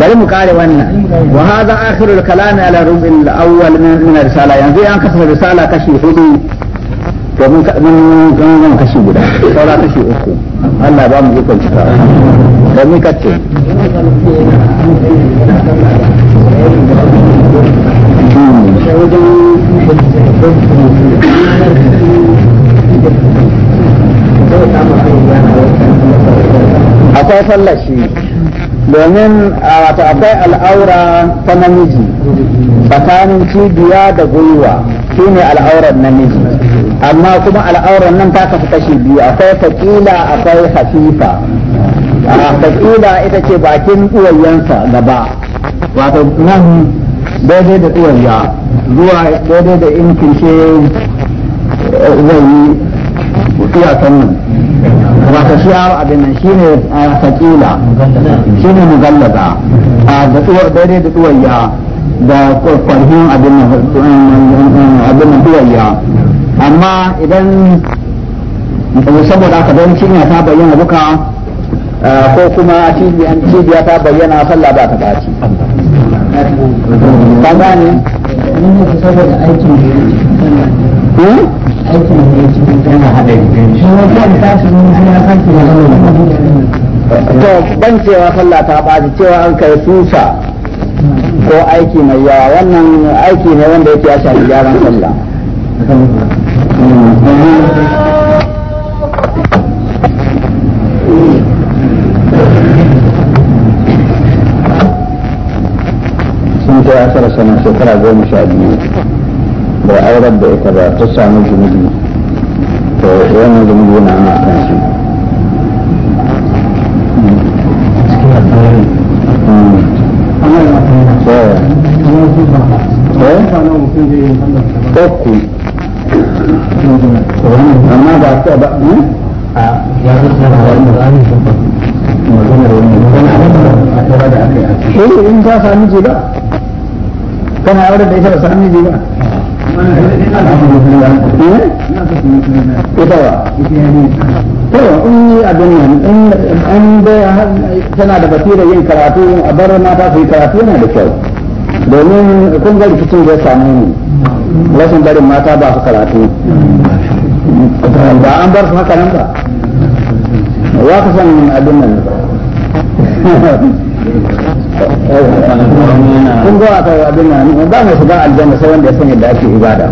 bari mu kare wannan wa hadha akhirul kalam ala rubil awwal min risala yanzu an kasa risala kashi hudu to mun mun kashi guda saura kashi uku Allah ba mu ikon cika to mun kace wajen akwai fallashi domin a wato akwai al'aura ta namiji tsakanin cibiya da gwiwa shi ne al'auran namiji amma kuma al'auran nan ta kasu kashi biyu akwai faƙila akwai hafifa a faƙila ita ce bakin uwayensa gaba wato nan daidai da uwayya zuwa daidai da in ce eh, zai yi kiyasan nan wata shi abin nan shi ne sakila shi ne tsuwar daidai da tsuwayya da kwarhin abin nan tsuwayya amma idan saboda aka don cinya ta bayyana duka ko kuma cibiya ta bayyana sallah ba ta dace ba gane aikin da ya cikin haɗa shi ya sake zama ban cewa sallah ta ɓaci cewa an kai susa ko aiki mai yawa wannan aiki ne wanda yake ya shafi gyaran sallah sun kai asara sanar shekara goma sha biyu bai aurar da ita ba ta samu zunubi to wannan zunubi yana ana eh? kan su Amma ba ta ba, a ya rusa da in ka sami ji ba? da ita da sami ita to in yi in tana da basira yin karatu a bar mata su yi karatu yana da kyau domin kun ga rikicin zai samu rashin barin mata ba su karatu ba an bar su haka nan ba ya kusan kun ga aka abin nan ba mai shiga aljanna sai wanda ya san yadda ake ibada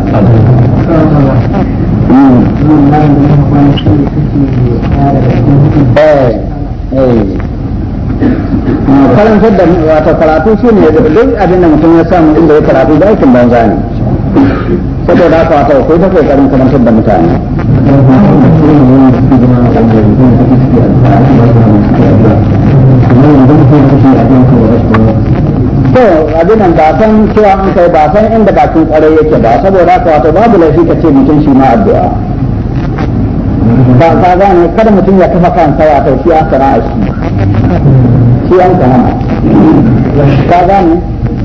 eh, eh. karantar da wata karatu shi ne da duk abin da mutum ya samu inda ya karatu da aikin banza ne saboda haka wata ko ta kokarin karantar da mutane to abin nan ba san cewa an kai ba san inda bakin kwarai yake ba saboda haka wato babu laifi ka ce mutum shi ma addu'a ba ka kada mutum ya kafa kansa wato shi a sana'a shi shi an ka gane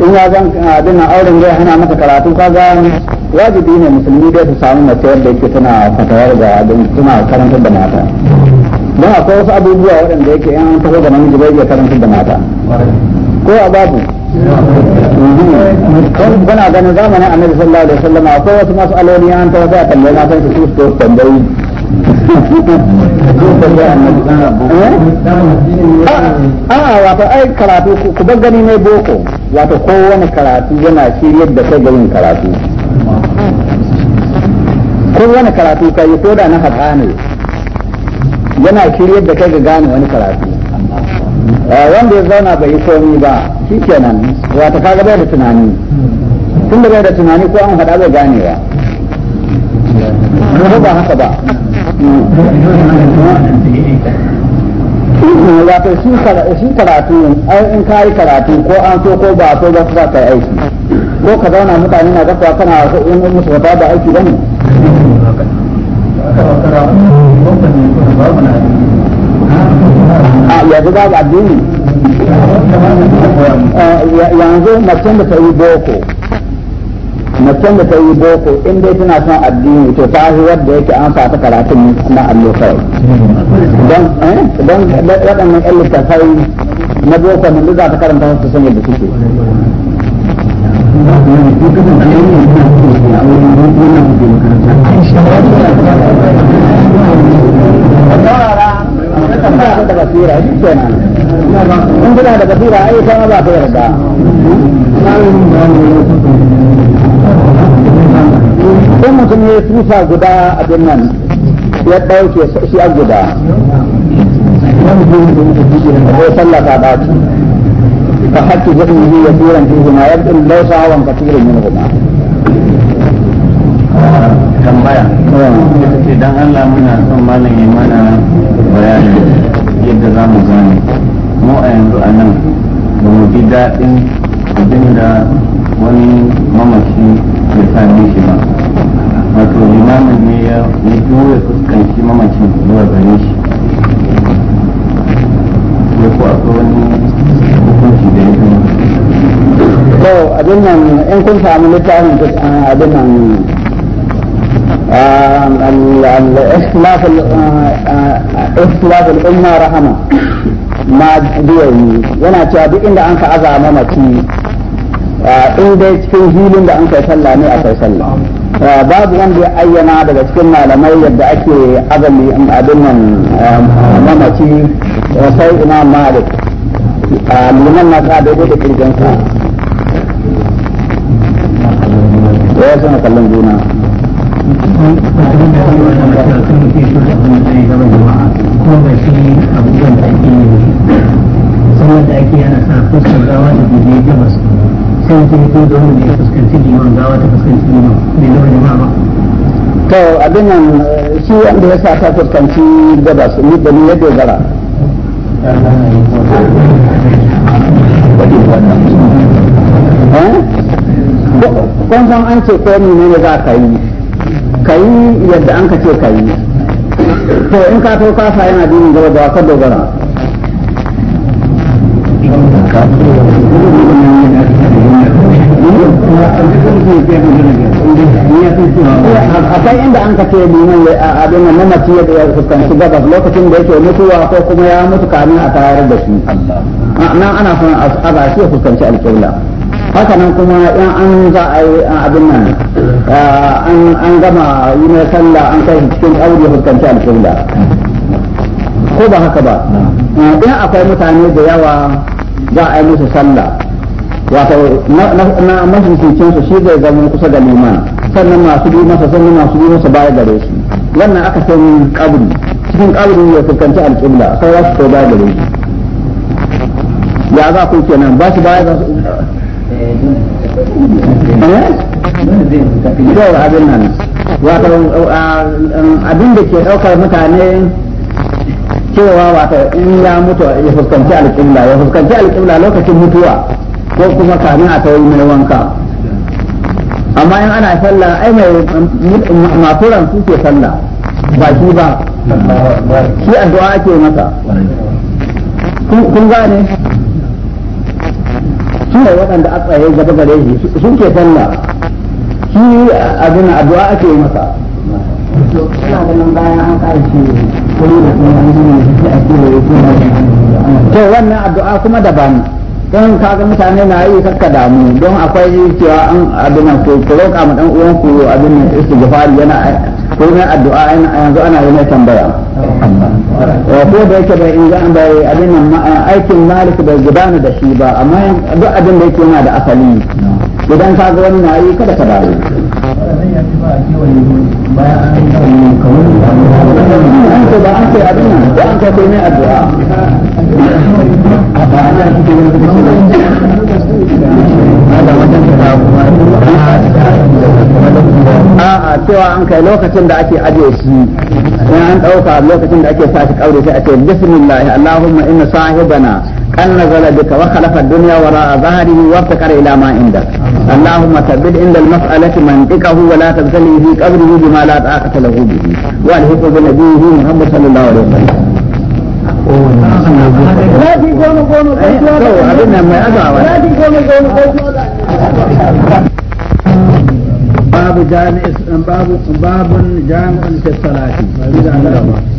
in ya zan ah, abin auren zai hana maka karatu ka ga wajibi ne musulmi dai su samu mace wadda yake tana fatawar ga tana karantar da mata don akwai wasu abubuwa waɗanda yake yan taho da namiji bai iya karantar da mata ko a babu kuna ganin zamanin annabi sallallahu alaihi wasallam akwai wasu masu aloni an taho sai a tambayi matan su su su tambayi a'a eh? ah, ah, wato ai karatu ku bar gani ne boko wato kowane karatu yana shiryar da kai ga yin karatu kowane karatu ka yi ko da na haƙa ne yana shiryar da kai ga gane wani karatu eh, wanda ya zauna bai yi komi ba shi kenan wata kaga bai da tunani tun da bai da tunani ko an haɗa bai gane ba ba haka ba wato shi karatu in ka yi karatu ko an so ko ba so za su kai aiki ko ka zauna mutane na gafa kana so in musu ba da aiki bane a yanzu babu addini eh, yanzu macen da ta yi boko macen da ta yi boko in dai tana son addini to ta yi wadda yake an sa ta karatun na allo kawai don eh, waɗannan yan littattafai na boko nan za ta karanta su sanya da suke da kuna da basira ai kama ba ta yarda in mutum ya tuta guda abin nan ya ɗauke shi a guda ko sallah ta dace ka hakki jami'i yi ya turan fi huma ya ɗin lausa hawan ka turan min huma tambaya ita ce dan Allah muna son malam ya mana bayani yadda za mu gane mu a yanzu a nan ba mu ji daɗin abin da wani mamaci ya same shi ba wato limamin ne ya juya shi mamacin zuwa gare shi ya ko akwai wani hukunci da ya zama to abin nan in kun samu littafin a abin nan al اختلاف اختلاف الامه رحمه ما بيوي yana cewa duk inda an ka azama mace in dai cikin hilin da an kai sallah ne a kai sallah Eh, babu wanda ya ayyana daga cikin malamai yadda ake azali abin nan eh, mamaci eh, sai ina malik liman na sa daidai da kirgin sa ya san kallon juna sannan da ake yana sa fuskar gawa da gudu ya gabas sai mutum ya ce dole ne ya fuskanci liman gawa ta fuskanci liman bai zama jama'a ba to abin nan shi wanda ya sa ta fuskanci gabas ni da ni ya dogara eh? kun san an ce ko ne ne za ka yi ka yi yadda an ka ce ka yi to in ka to kasa yana dinin gaba da ka dogara akwai inda an kace liman ya abin nan mamaci ya fuskanci gabas lokacin da yake mutuwa ko kuma ya mutu kamin a tayar da shi nan ana son a shi ya fuskanci alƙibla haka nan kuma in an za a yi abin nan an gama yi mai sallah an kai cikin aure ya fuskanci alƙibla ko ba haka ba in akwai mutane da yawa za a yi musu sallah wato na mafificin su shi zai zama kusa da liman sannan masu bi masa sannan masu bi masa baya gare shi wannan aka san kabri cikin kabri ya fuskanci alƙibla sai za su ko baya gare shi ya za ku nan ba su baya za su eh? yau abin nan wato abin da ke ɗaukar mutane cewa wato in ya mutu ya fuskanci alƙibla ya fuskanci alƙibla lokacin mutuwa ko kuma kamin a tawayi mai wanka amma in ana sallah ai mai maturan su ke sallah ba shi ba shi addu'a ake masa kun gane su ne waɗanda a tsaye gaba gare shi sun ke sallah shi abin addu'a ake masa ina an shi da kuma ne ake yi ko wannan addu'a kuma daban don kaga mutane na yi kakka damu don akwai cewa an abin ko ko roƙa mu dan uwan ku abin istighfar yana ko ne addu'a yanzu ana yi mai tambaya ko da yake bai in an bai abin nan aikin malik bai gudana da shi ba amma duk abin da yake yana da asali idan kaga wani na yi kada ka damu an ce ba an ce abin nan ba an ce kai a ba wani kuma a'a cewa an kai lokacin da ake aje shi sai an ɗauka lokacin da ake sa shi kaure sai a ce bismillah allahumma inna sahibana أن نزل بك وخلف الدنيا وراء ظهره وافتقر إلى ما عندك اللهم ثبت عند المسألة منطقه ولا تبتلي في قبره بما لا طاقة له به والحق بنبيه محمد صلى الله عليه وسلم باب جامع باب باب جامع في الصلاة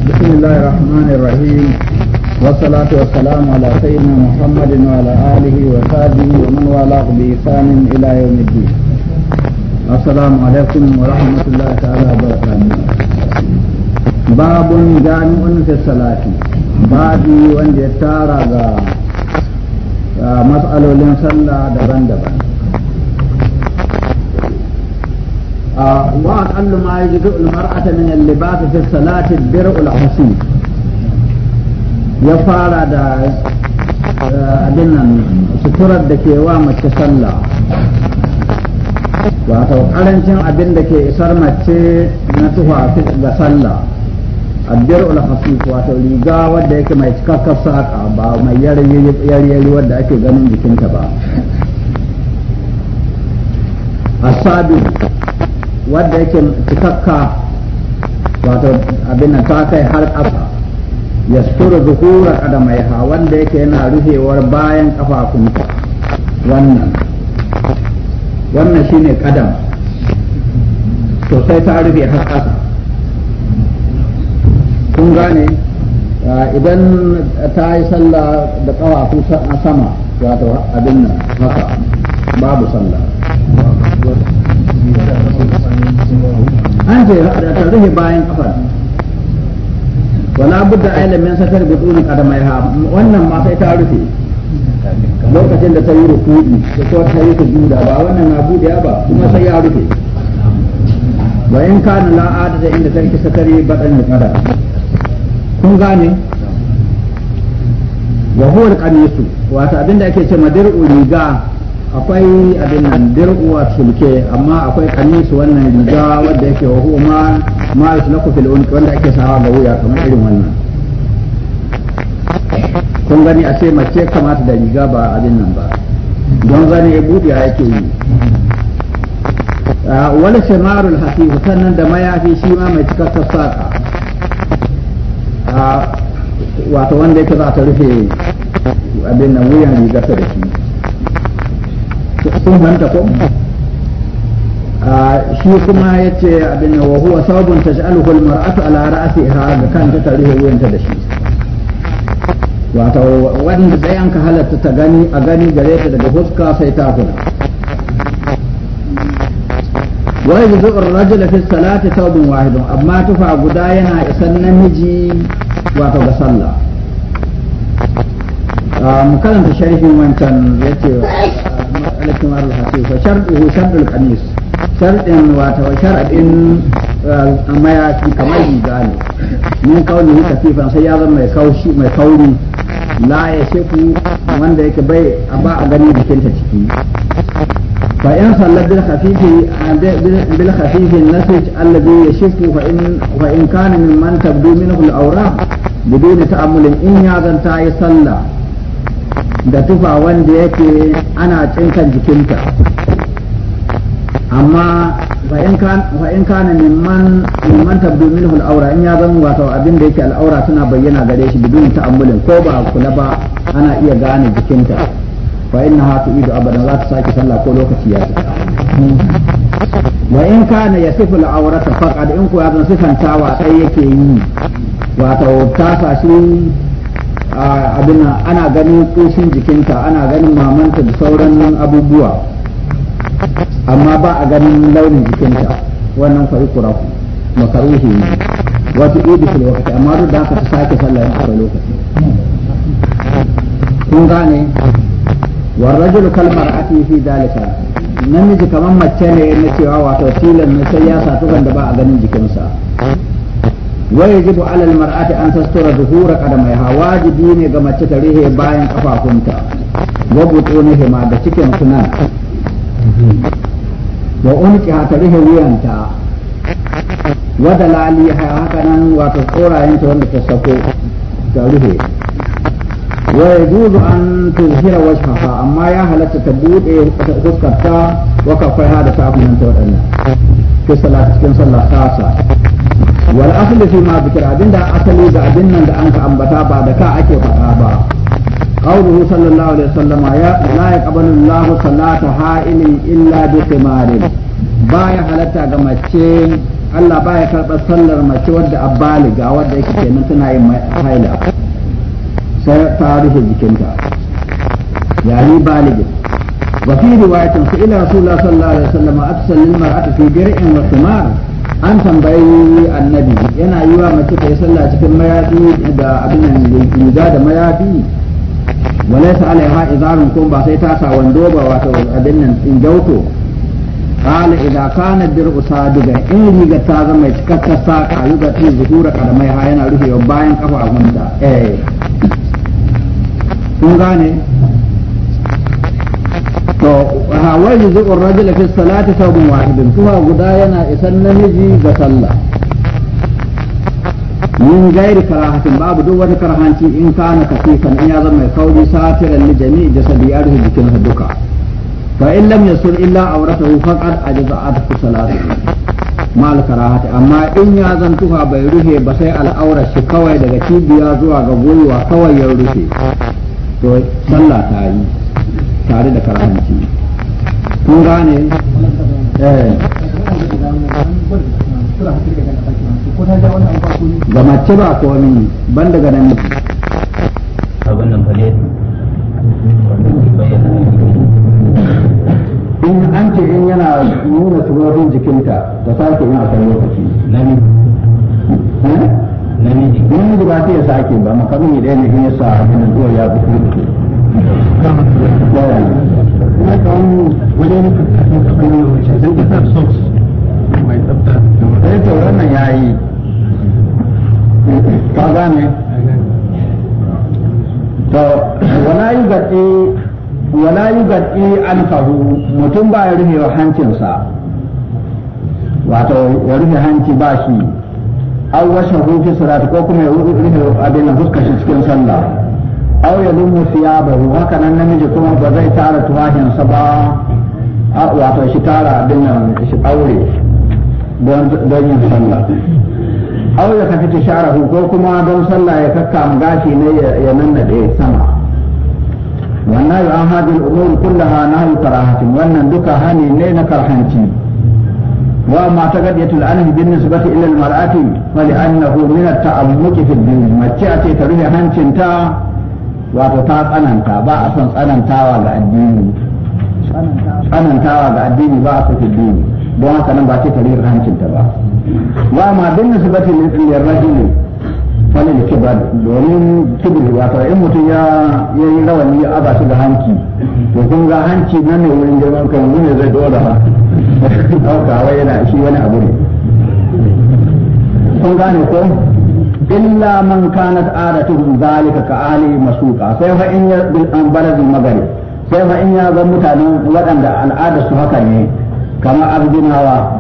بسم الله الرحمن الرحيم والصلاة والسلام على سيدنا محمد وعلى آله وصحبه ومن والاه بإحسان إلى يوم الدين. السلام عليكم ورحمة الله تعالى وبركاته. باب جامع في الصلاة بابي وان يتارى مسألة صلى دبن دبن. وأقل ما يجزء المرأة من اللباس في الصلاة الدرء الحسين. ya fara da eh, abin nan suturar da ke wa mace sallah wato karancin abin da ke isar mace na tufa ga sallah abdir ulhasif wato riga wadda yake mai cikakkar saƙa ba mai yaryari wadda ake ganin jikinta ba asabi wadda yake cikakka wato abin ta kai har ƙasa yastur zuhura qadamaiha wanda yake yana rufewar bayan kafafunta wannan wannan shine kadam to sai ta rufe har ƙasa kun gane ah, idan ta yi sallah da kafafu sama wato abin nan haka babu sallah an ce ta rufe bayan kafar wala budda ayla min satar bi tuli qadamaiha wannan ma sai ta rufe lokacin da ta yi rukudi da ko ta yi sujuda ba wannan na budiya ba kuma sai ya rufe ba in na la'ada da inda tarki satari badan qada kun gane wa huwa al abinda ake ce madir'u riga akwai abin nan dir'u wa sulke amma akwai qamisu wannan riga wanda yake wa huwa ma yuslaku fil unq wanda ake sawa ga wuya kamar irin wannan kun gani a ce mace kamata da riga ba abin nan ba don gani ya buɗe yake yi ah, wani shamarul hafifu sannan da mayafi shi ma mai cikakkar saka ah, wato wanda yake za ta rufe abin nan wuyan ta da shi sun ko shi kuma ya ce abin wa huwa sabon ta sha'alhu mar'atu ala ra'si ha ga kanta ta rihe wuyanta da shi Wata wanda da ka halatta ta gani a gani gare ta daga fuska sai ta kula Wai yuzu ar-rajulu fi salati thawbun wahidun amma tufa guda yana isan namiji wato ga sallah mu karanta sharhin wancan ya ce alaikum arhamu fa shartuhu shartul qamis sharɗin wato shar'in eh, mayafi kamar riga ne min kauni kafifan sai ya zama mai kaushi mai la ya sheku wanda yake bai a ba a gani ta ciki fa in sallar bil khafifi bil khafifi nasij alladhi yashifu fa in fa in kana mimman tabdu minhu al awra biduni ta'ammulin in ya zan ta yi sallah da tufa wanda yake ana cinkan jikinta amma fa in kana mimman mimman tabdu minhu al-awra in ya zan wato abin da yake al'aura suna bayyana gare shi bidun ta'ammulin ko ba kula ba ana iya gane jikinta fa inna ha tu'idu abadan za ta sake sallah ko lokaci ya fita wa in kana yasifu al-awrata faqad in ko ya zan sifantawa sai yake yi wato ta sashi abin ana ganin kushin jikinta ana ganin mamanta da sauran abubuwa amma ba a ganin launin jikin ta wannan fari kuraku makaruhi ne wato idi fil waqti amma duk da ta sake sallah ya kai lokaci kun gane war rajul kal mar'ati fi dalika namiji kamar mace ne na cewa wato tilan ne sai ya satu da ba a ganin jikinsa sa wai alal ala al mar'ati an tastura zuhura hawa wajibi ne ga mace ta rihe bayan kafafunta wa hima da cikin sunan wa ulki ta rufe wuyanta wada lali haka nan wato ta wanda ta sako ta rufe wa yajuzu an tuzhira wajhaha amma ya halatta ta bude fuskarta wa kafaiha ta safunan ta wadannan ke salat cikin sallah kasa wal asli fi ma bikira abinda asali da abin nan da an ka ambata ba da ka ake faɗa ba قوله صلى الله عليه وسلم لا يقبل الله صلاة حائل إلا بثمار باية حالتا كما Allah baya karɓar sallar mace wadda a baliga wadda yake kenan tana yin haila sai ta rufe jikinta yayi baligin wa fi riwayatin su ila rasulullah sallallahu alaihi wasallam atsallil mar'atu fi bir'in wa thimar an tambayi annabi yana yiwa mace ta yi sallah cikin mayafi da abin da mayafi wale ta alai ha izarun sai ta sa wando ba wato abin nan in gauto qala idza kana dir'u sadiga in riga ta zama cikakka saka a yuga tin zuhura karmai ha yana rufe bayan kafa a gunta eh kun gane to ha wai zuhur rajul fi salati sabun wahidin kuma guda yana isan namiji ga sallah min gairi karahatin babu duk wani karhanci in kana kafifan in ya zama mai kauri satiran li jami'i jasadi ya rufe jikinsa duka fa in lam yasur illa awratahu faqad ajza'at salatu mal karahati amma in ya zantuha bai rufe ba sai al'aurar shi kawai daga cibiya zuwa ga gwiwa kawai ya rufe to sallah ta tare da karahanci eh. zama ce ba komi ban daga namiji abin in an ce in yana nuna tsoron jikinta da sake yin akwai lokaci namiji ba ta sake ba makamu ne in ya yasa abin zuwa ya fi kuma mai tsafta sai nan ya yi ka gane to wala yi gaɗe wala yi gaɗe an faru mutum ba ya rufe hancinsa wato ya rufe hanci ba shi an washe fi salati ko kuma ya rufe abin da fuskar shi cikin sallah au ya lumu siya thiyabahu haka nan namiji kuma ba zai tara tuwahinsa ba wato shi tara abin nan shi aure don yin sallah aw ya kafi sharahu ko kuma don sallah ya kakkam gashi ne ya nannade sama wannan yi an hajji al'umuri kullaha na yi karahatin wannan duka hani ne na karhanci wa ma ta gadi yatul anhi bin nisbati ila al-mar'ati fa li annahu min at-ta'ammuq fi ad-din mace a ce ta rufe hancin ta wato ta tsananta ba a son tsanantawa ga addini tsanantawa ga addini ba a so addini don haka nan ba ce ta rera hancinta ba wa ma bin nisbati lil rajuli falil kibar domin kibir wato in mutum ya yi rawani ya aga shi da hanci to kun ga hanci nan ne wurin girman kan wani zai dora ba ɗauka wai yana shi wani abu ne kun gane ko illa man kanat adatuhum zalika ka ali masuka sai fa in ya bil anbarazil magari sai fa in ya ga mutanen waɗanda al'adar su haka ne kama ardunawa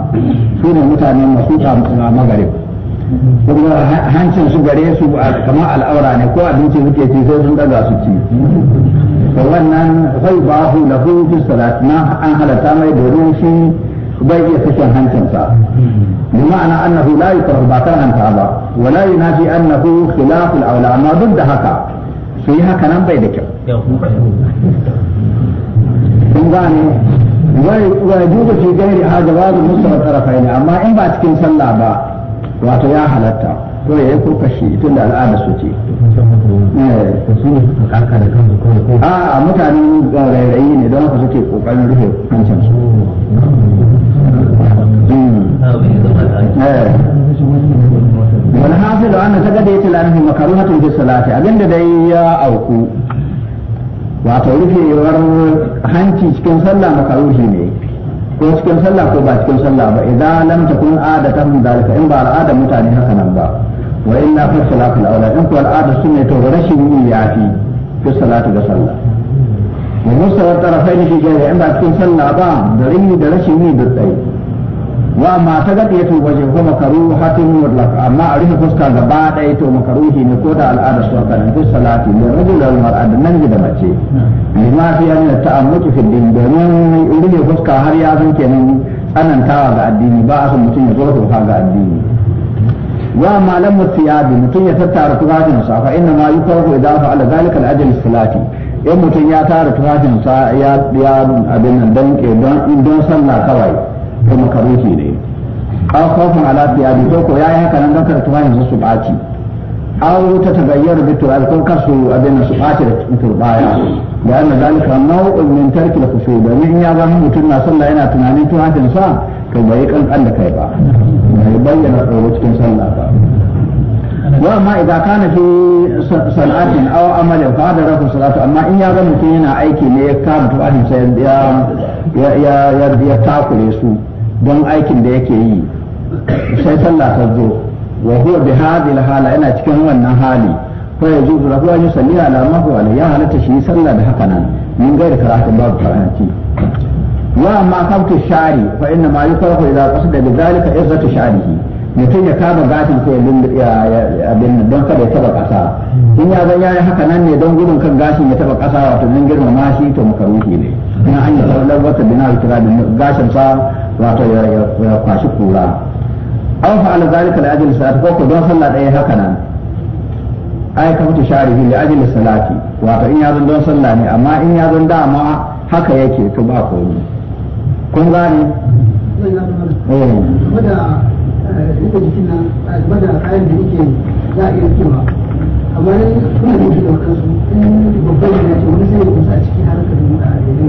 su ne mutane masu tsamuka magarib kuma hancin su gare su kama al'aura ne ko abinci suke ci sai sun daga su ci to wannan sai ba hu lahu fi salat na an halatta mai domin shi bai iya kashin hancinsa bi ma'ana annahu la yukrahu ba karanta ba wa la yunafi annahu khilaf al-awla amma duk da haka su yi haka nan bai da kyau kun gane ويجوز في غير هذا بعض مستوى الطرفين أما إن بعد كن صلى ba واتو يا حلتا to ya yi kashi tun da al'ada su ce eh. a mutanen rairayi ne don haka suke kokarin rufe hancin su hmm. eh. wani hafi da wannan ta gada ya ce lanahin makaruhatun fi salati abinda dai ya auku wato rufewar hanci cikin sallah makaruhi ne ko cikin sallah ko ba cikin sallah ba idan lam takun adatan dalika in ba al'adar mutane haka nan ba wa illa fi salatul aula in ko al'ada sunne to rashin yi yafi fi salatu da sallah wa musawa tarafaini fi jami'in ba cikin sallah ba da rini da rashin yi da tsayi wa ma ta gaɗe to waje ko makaru hatin mutlaq amma a rufe fuska gaba ɗaya to makaruhi ne ko da al'ada su aka nan salati da rajul wal mar'a da nan da mace lima fi an ta'ammuki fi din domin rufe fuska har ya san kenan tsanantawa ga addini ba a san mutum ya zo ga addini wa ma lam mutiyabi mutum ya tattara tufafin sa fa inna ma yukrahu idza fa'ala zalika al-ajl salati in mutum ya tara tufafin sa ya ya abin nan dan ke don don sallah kawai ko makaruhi ne aw khawfun ala thiyabi ko ko yayi haka nan dakar tuwayin su baci aw ta tagayyara bi tuwayin ko kasu abin su baci da turbaya da anna zalika nau'un min tarki al-khushu da min ya ba mutum na sallah yana tunanin tuwayin sa to bai kankan da kai ba bai bayyana tsoro cikin sallah ba وأما إذا كان da صنعة salatu amma in ya الصلاة أما إن يغنى كينا أيكي ليكام تؤهل سيد يا يا ya يا تاكل يسوع don aikin da yake yi sai sallah ta zo wa huwa bi hadhihi hala yana cikin wannan hali fa yajuzu lahu an yusalli ala ma huwa ya halatta shi sallah da haka nan min gairi karatu babu karanti wa amma kamtu shari fa inna ma yukrahu ila qasda bi zalika izzatu sharihi mutum ya kama gatin sai ya abin don kada ya taba kasa in ya zan yayi haka nan ne don gudun kan gashin ya taba kasa wato nan girmama shi to makaruhi ne in an yi tsawon wata bina kira da gashin sa wato ya kwashi kura an fa'ala zalika da ajiyar salati ko ku don sallah ɗaya haka nan ai ka mutu sharihi da ajiyar salati wato in ya zan don sallah ne amma in ya zan dama haka yake to ba komi kun gane eh. Eh, duka jikin nan game eh, da kayan da yake za a iya rikewa amma ne kuma da yake da wakansu in babban yana ce wani zai kusa a cikin harkar da muka a daidai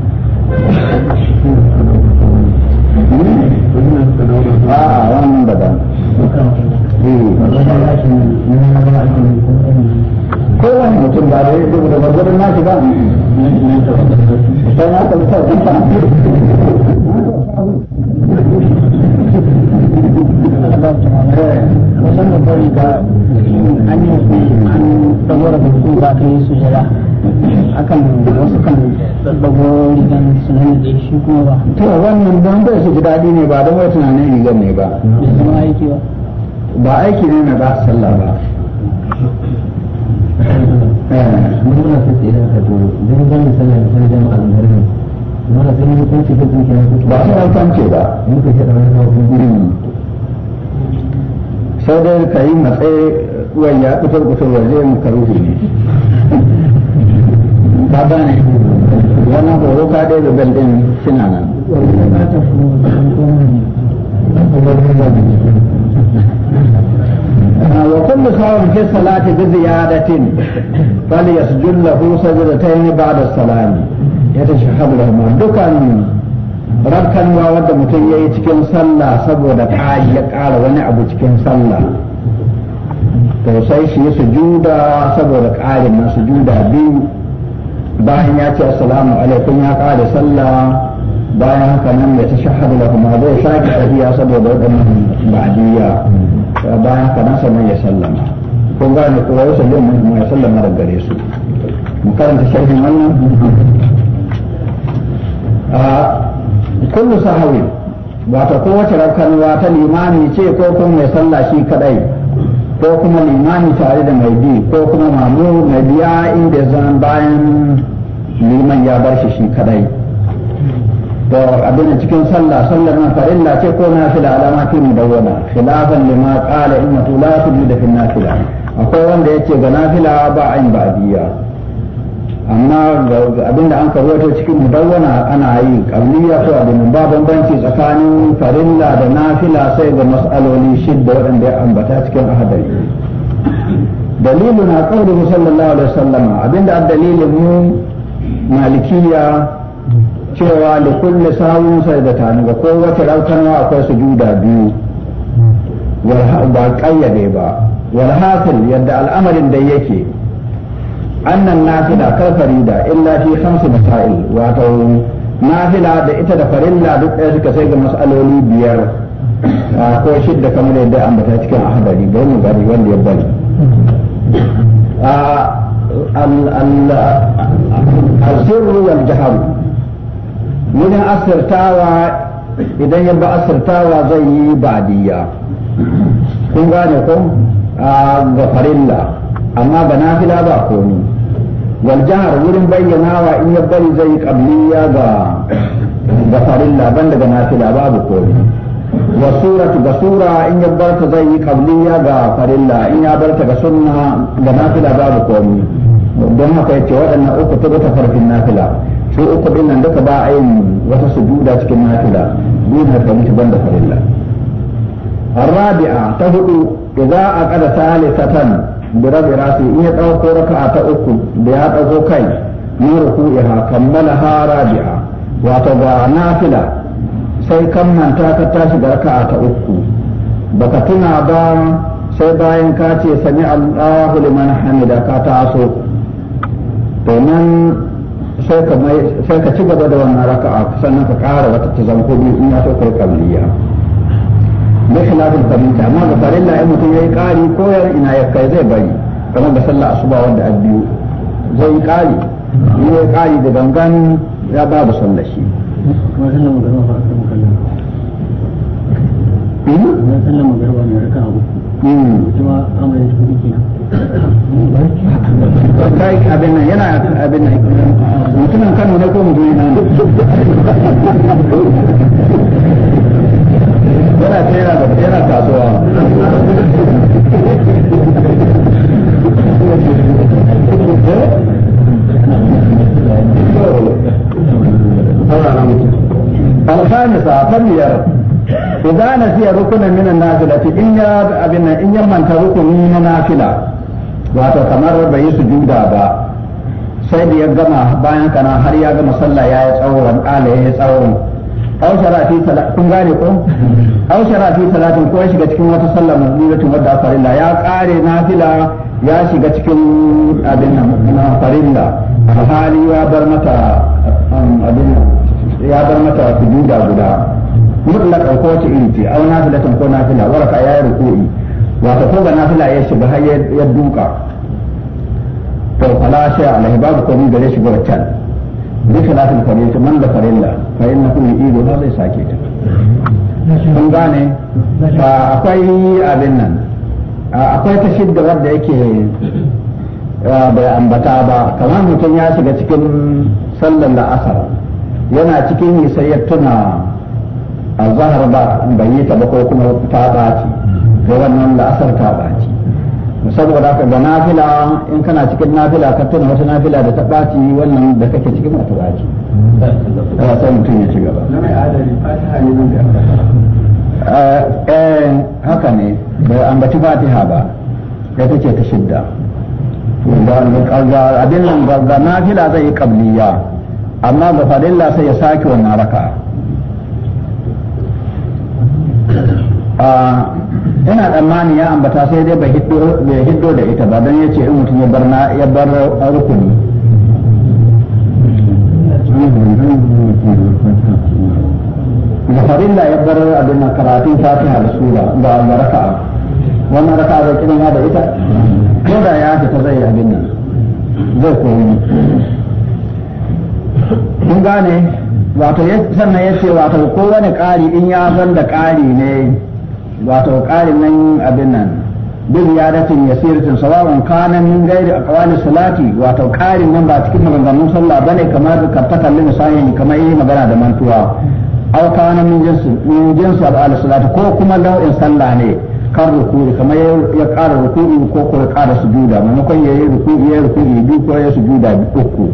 ba a wannan daban eh. kowane mutum ba da yadda da nashi ba musamman bari an an ba ka yi su jira kan da ba to wannan don bai su ji daɗi ne ba don wai tunanin rigan ne ba aiki ba ba aiki ne na ba sallah ba muna idan ka to sallah da sallah jama'a da ba ba wani sai dai ka yi matsayi waya kusur kusur waje mu karuhi ne ba ba ne wannan horo ka dai da bandin suna nan وكل صوم في الصلاة بزيادة فليسجد له سجدتين بعد السلام يتشهد لهما دكان Rakan rakkanwa wadda mutum ya yi cikin sallah saboda ƙari ya ƙara wani abu cikin sallah to sai shi su juda saboda ƙarin na juda biyu bayan ya ce assalamu alaikum ya ƙara sallah bayan haka nan ya ta shahadu da kuma zai sake tafiya saboda waɗannan ba'adiyya bayan haka nan sannan ya sallama ko gane ko wai mun ya sallama daga gare su mu karanta sharhin wannan kullu sahawi wato kowace rafkarwa ta limani ce ko kuma mai sallah shi kadai ko kuma limani tare da mai bi ko kuma mamu mai biya inda zan bayan liman ya bar shi shi kadai to abin cikin sallah sallar nan illa ce ko na fila alama da wala khilafan lima qala innatu la tujidu fi nafila akwai wanda yace ga nafila ba ayin ba biya amma ga abin da an karwato cikin mudawwana ana yi kabliya ko abin ba bambanci tsakanin farilla da nafila sai ga mas'aloli shidda waɗanda ya ambata cikin ahadari dalilu na sallallahu alaihi wasallam abinda da dalilin mu malikiya cewa da kulli sawun sai da tani ga kowace raukanwa akwai sujuda biyu ba kayyade ba wal yadda al'amarin da yake أن النافلة كالفريدة إلا في خمس مسائل واتو نافلة دا إتا دا فرن لا دو إيش كسيق مسألة لي بيار آه، كو شد كمل إدى أم بتاتك أحد لي بني بني وان لي بني آه، السر والجهر من أسر تاوى إذا يبقى أسر تاوى زي بعدية كن غانيكم غفر الله أما بنافلة باقوني wal jahar wurin bayyanawa in ya bari zai qabliya ga ga farilla ban daga nafila babu komi wa ga sura in ya barta zai yi qabliya ga farilla in ya barta ga sunna ga nafila babu komi don haka yace waɗannan uku tabbata farfin nafila su uku din nan duka ba a yin wata cikin nafila ta الرابعة تهدو إذا أقل ثالثة bira bira su in ya ɗauko a ta uku da ya ɗauko kai yi ruku'iha kammala ha rabi'a wato ga nafila sai kammanta ka tashi da a ta uku baka tuna ba sai bayan ka ce sami Allahu liman hamida ka taso to nan sai ka ci gaba da wannan raka'a sannan ka ƙara wata ta in ya so kai kabliya da khilafin fahimta amma ga farilla in mutum yayi kari ko yar ina ya kai zai bari kamar da sallah asuba wanda biyu zai kari yayi kari da gangan ya babu sallah shi hmm? hmm. mutumin kano ne ko mutumin yana ce yana da yana kasuwa Alfani sa familiyar na siya rukunin in ya abin manta rukuni na nafila wato kamar bai yi su juda ba sai da ya gama bayan kana har ya ga sallah ya yi tsawon ɗala ya yi tsawon aw shara fi salat kun gane ko aw shara fi ko ya shiga cikin wata sallar manzuratun wadda farilla ya kare nafila ya shiga cikin abin nan na farilla hali ya bar mata um, abin ya bar mata sujuda guda mutlaq ko wace iri ce aw nafilatun ko nafila waraka ya yi ruku'i wato ko ga nafila ya shiga har ya duka to fala shay alaihi babu komai gare shi gurcan duka lafi da farilla man da farilla na kuma yi ido ba zai sake ta kun gane ba akwai abin nan akwai ta shidda wadda yake bai ambata ba kamar mutum ya shiga cikin sallar la'asar yana cikin sai ya tuna a zahar ba bai yi ta ba ko kuma ta ɓaci ga wannan la'asar ta ɓaci saboda haka ga nafila in kana cikin nafila ka tuna wata nafila da ta ɓaci wannan da kake cikin mata ɓaci ba sai mutum ya ci gaba eh, eh haka ne da ambaci fatiha ba ya take ta shidda ga abin nan ga nafila zai yi kabliya amma ga fadilla sai ya sake wannan raka ah, ina tsammani ya ambata sai dai bai hiddo da ita ba don ya ce in mutum ya bar na ya bar rukuni da ya bar abin karatun fatiha da sura ba ga raka'a wannan raka'a bai kiran da ita ko da ya fita zai abin nan zai koyi kun gane wato sannan ya ce wato kowane ƙari in ya zan da ƙari ne wato ƙarin nan abin nan duk ya datin ya sirtin sawa'un kana min gairi aqwali salati wato ƙarin nan ba cikin maganganun sallah bane kamar ka takalli sayin kamar yi magana da mantuwa aw kana min jinsu min jinsi aqwali salati ko kuma nau'in sallah ne kar rukuri kamar ya ƙara rukuri ko ko ya ƙara sujuda maimakon ya yi rukuri ya rukuri biyu ko ya sujuda uku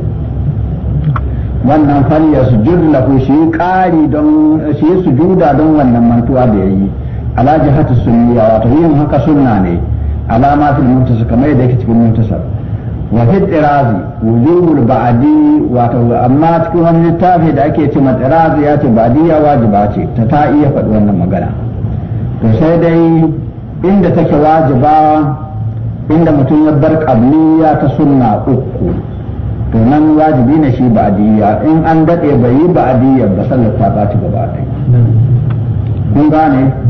wannan fal ya sujud lahu shi ƙari don shi sujuda don wannan mantuwa da ya yi ala jihati sunniya wato yin haka sunna ne alama fil muntasa kamar yadda yake cikin muntasa wa fi tirazi wujubul ba'di wato amma cikin wannan littafi da ake cewa tirazi ya ce ba'diya wajiba ce ta ta iya faɗi wannan magana to sai dai inda take wajiba inda mutum ya bar qabliya ta sunna uku to nan wajibi ne shi ba'diya in an dade bai yi ba'diya ba sallar ta ba ci gaba dai kun gane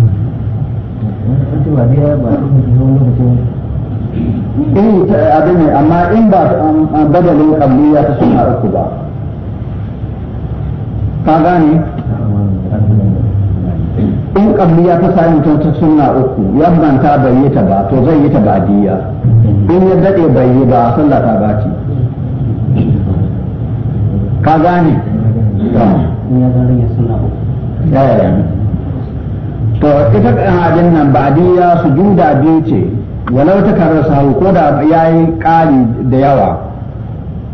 in abin ne in ba badalin ta suna uku sami ta suna uku ya ta bai yi ta ba to zai yi ta ba badiya in ya dade bai yi ba sallah ta ce ka gane ya gane ya suna uku to ita ah, abin nan ba su sujuda biyu ce walau ta karar sahu ko da ya yi ƙari da yawa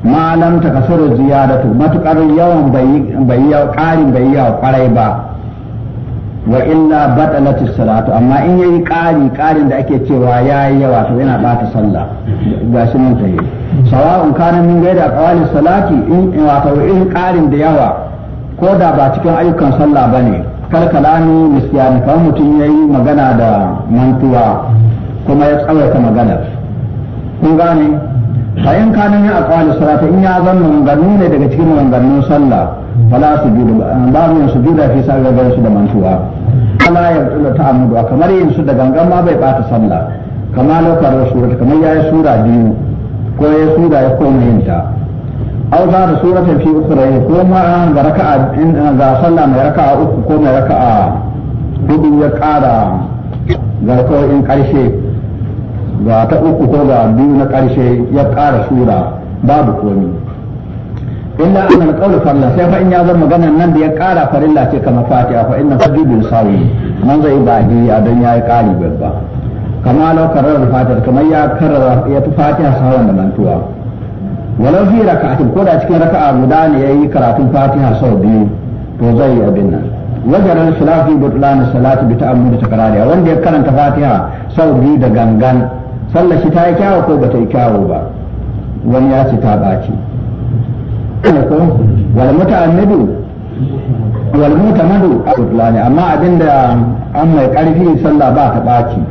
malam ta kasar ziyadatu matukar yawan bai yi ƙarin bai yawa kwarai ba wa illa batalatis salatu amma in yayi ƙari ƙarin da ake cewa yayi yawa to yana bata sallah shi mun tayi sawa'un kana min gaida qawali salati in wa in ƙarin da yawa ko da ba cikin ayyukan sallah bane ne miskiyani kamar mutum ya yi magana da mantuwa kuma ya tsawaita magana. kun gane fa in kana min aqwali salati in ya zanna maganganu ne daga cikin maganganun sallah fala da ba mu da fi sa gaban su da mantuwa ala ya tula ta'ammudu kamar yin su da gangan ma bai bata sallah kamar lokar sura kamar yayi sura biyu ko yayi sura ya koma yin ta أو بعد سورة في أخرى كما ركعة إذا صلى من ركعة أخرى كما ركعة بدو يقارا ذلك إن قرشي ga ta uku ko ga biyu na ƙarshe ya ƙara sura babu komi illa an alqawl farilla sai fa in ya zama nan da ya ƙara farilla ce kama fatiha fa inna fajibul sawi nan zai ba hi a dan yayi ƙari babba kama law karara fatiha kamar ya karara ya ta fatiha sawan mantuwa walau fi raka'atin ko da cikin raka'a guda ne yayi karatun Fatiha sau biyu to zai yi abin nan wajaran salafi butlan salatu bi ta'ammud takrariya wanda ya karanta Fatiha sau biyu da gangan sallar shi ta yi kyawu ko bata yi kyawu ba wani ya ci ta baki ko wal muta'ammidu wal mutamadu butlan amma abinda an mai karfi sallah ba ta baki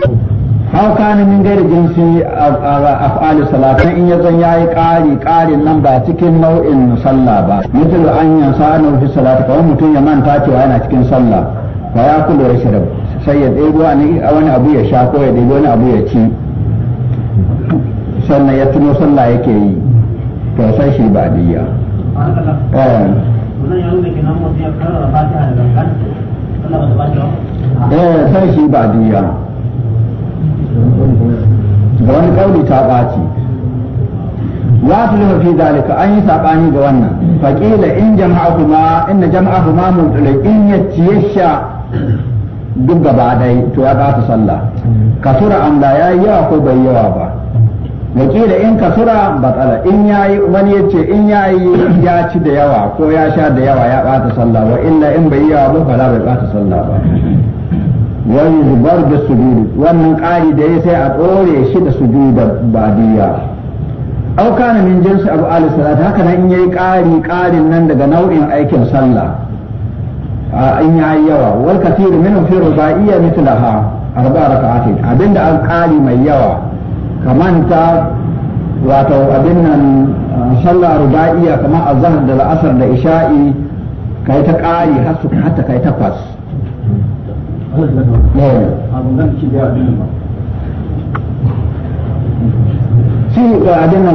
hau kanin min gari jinsi af'al salatan in yazan yi ƙari ƙarin nan ba cikin nau'in sallah ba mutum an yi na fi salati kawai mutum ya manta cewa yana cikin sallah ba ya kula ya shirar sai ya ɗebo wani abu ya sha ko ya ɗebo wani abu ya ci sannan ya tuno sallah yake yi to sai shi ba diya eh, eh sai shi ba diya ga wani kauli ta ɓaci wa su fi zalika an yi saɓani ga wannan faƙila in jama'ahuma inna jama'ahuma mutulai in ya ciye sha duk ba dai to ya ba su sallah kasura an da ya yi yawa ko bai yawa ba da in kasura batsala in yayi wani ya ce in yayi ya ci da yawa ko ya sha da yawa ya ɓata sallah wa illa in bai yawa ba fala bai ɓata sallah ba wani zubar da sujudu wannan ƙari da ya sai a tsore shi da sujuda badiya auka na min jinsi abu ali salatu haka nan in yayi ƙari ƙarin nan daga nau'in aikin sallah in yayi yawa wal kathir min fi rubaiya mithlaha arba rak'atin abinda an ƙari mai yawa kaman ta wato abin nan sallah rubaiya kamar azhar da la'asar da isha'i kai ta ƙari har su hatta kai takwas shi ga abin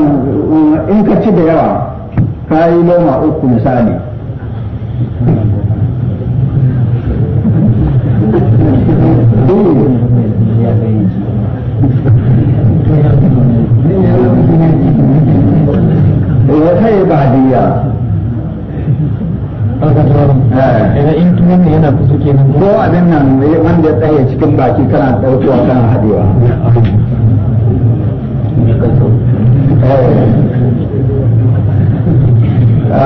in ka ci da yawa ka yi loma uku misali ya sai ba diya daga eh. in tuwon yana kusa ke nan ko abin nan wanda ya tsaye cikin baki kana ɗaukewa kana haɗewa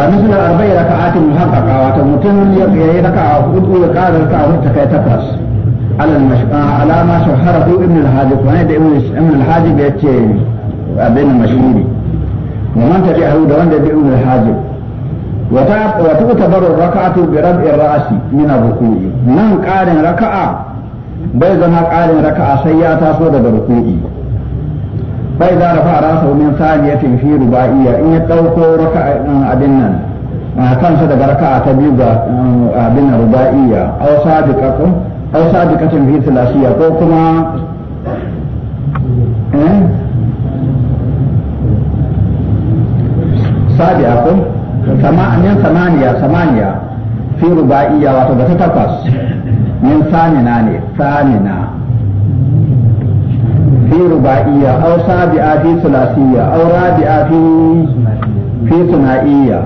مثل أربع ركعات محققة وتمتن يقي ركعة وقدو يقال ركعة وتكي تقص على المشقة على ما شهره ابن الحاجب وعند ابن الحاجب يتشي بين المشهوري ومن تبعه دون ابن الحاجب وتعتبر الركعة بربع الرأس من الركوع من قال ركعة بيضنا قال ركعة سيئة صدى الركوع فإذا رفع رأسه من ثانية في رباعية إن يتوقع ركعة أبنا كان صدق ركعة تبيض أبنا رباعية أو صادقة أو صادقة في ثلاثية كما صادقة min samaniya samaniya fi ruba'iyya wato da ta takwas min samina ne samina fi ruba'iyya au sabi'a fi sulasiyya au rabi'a fi fi sunaiya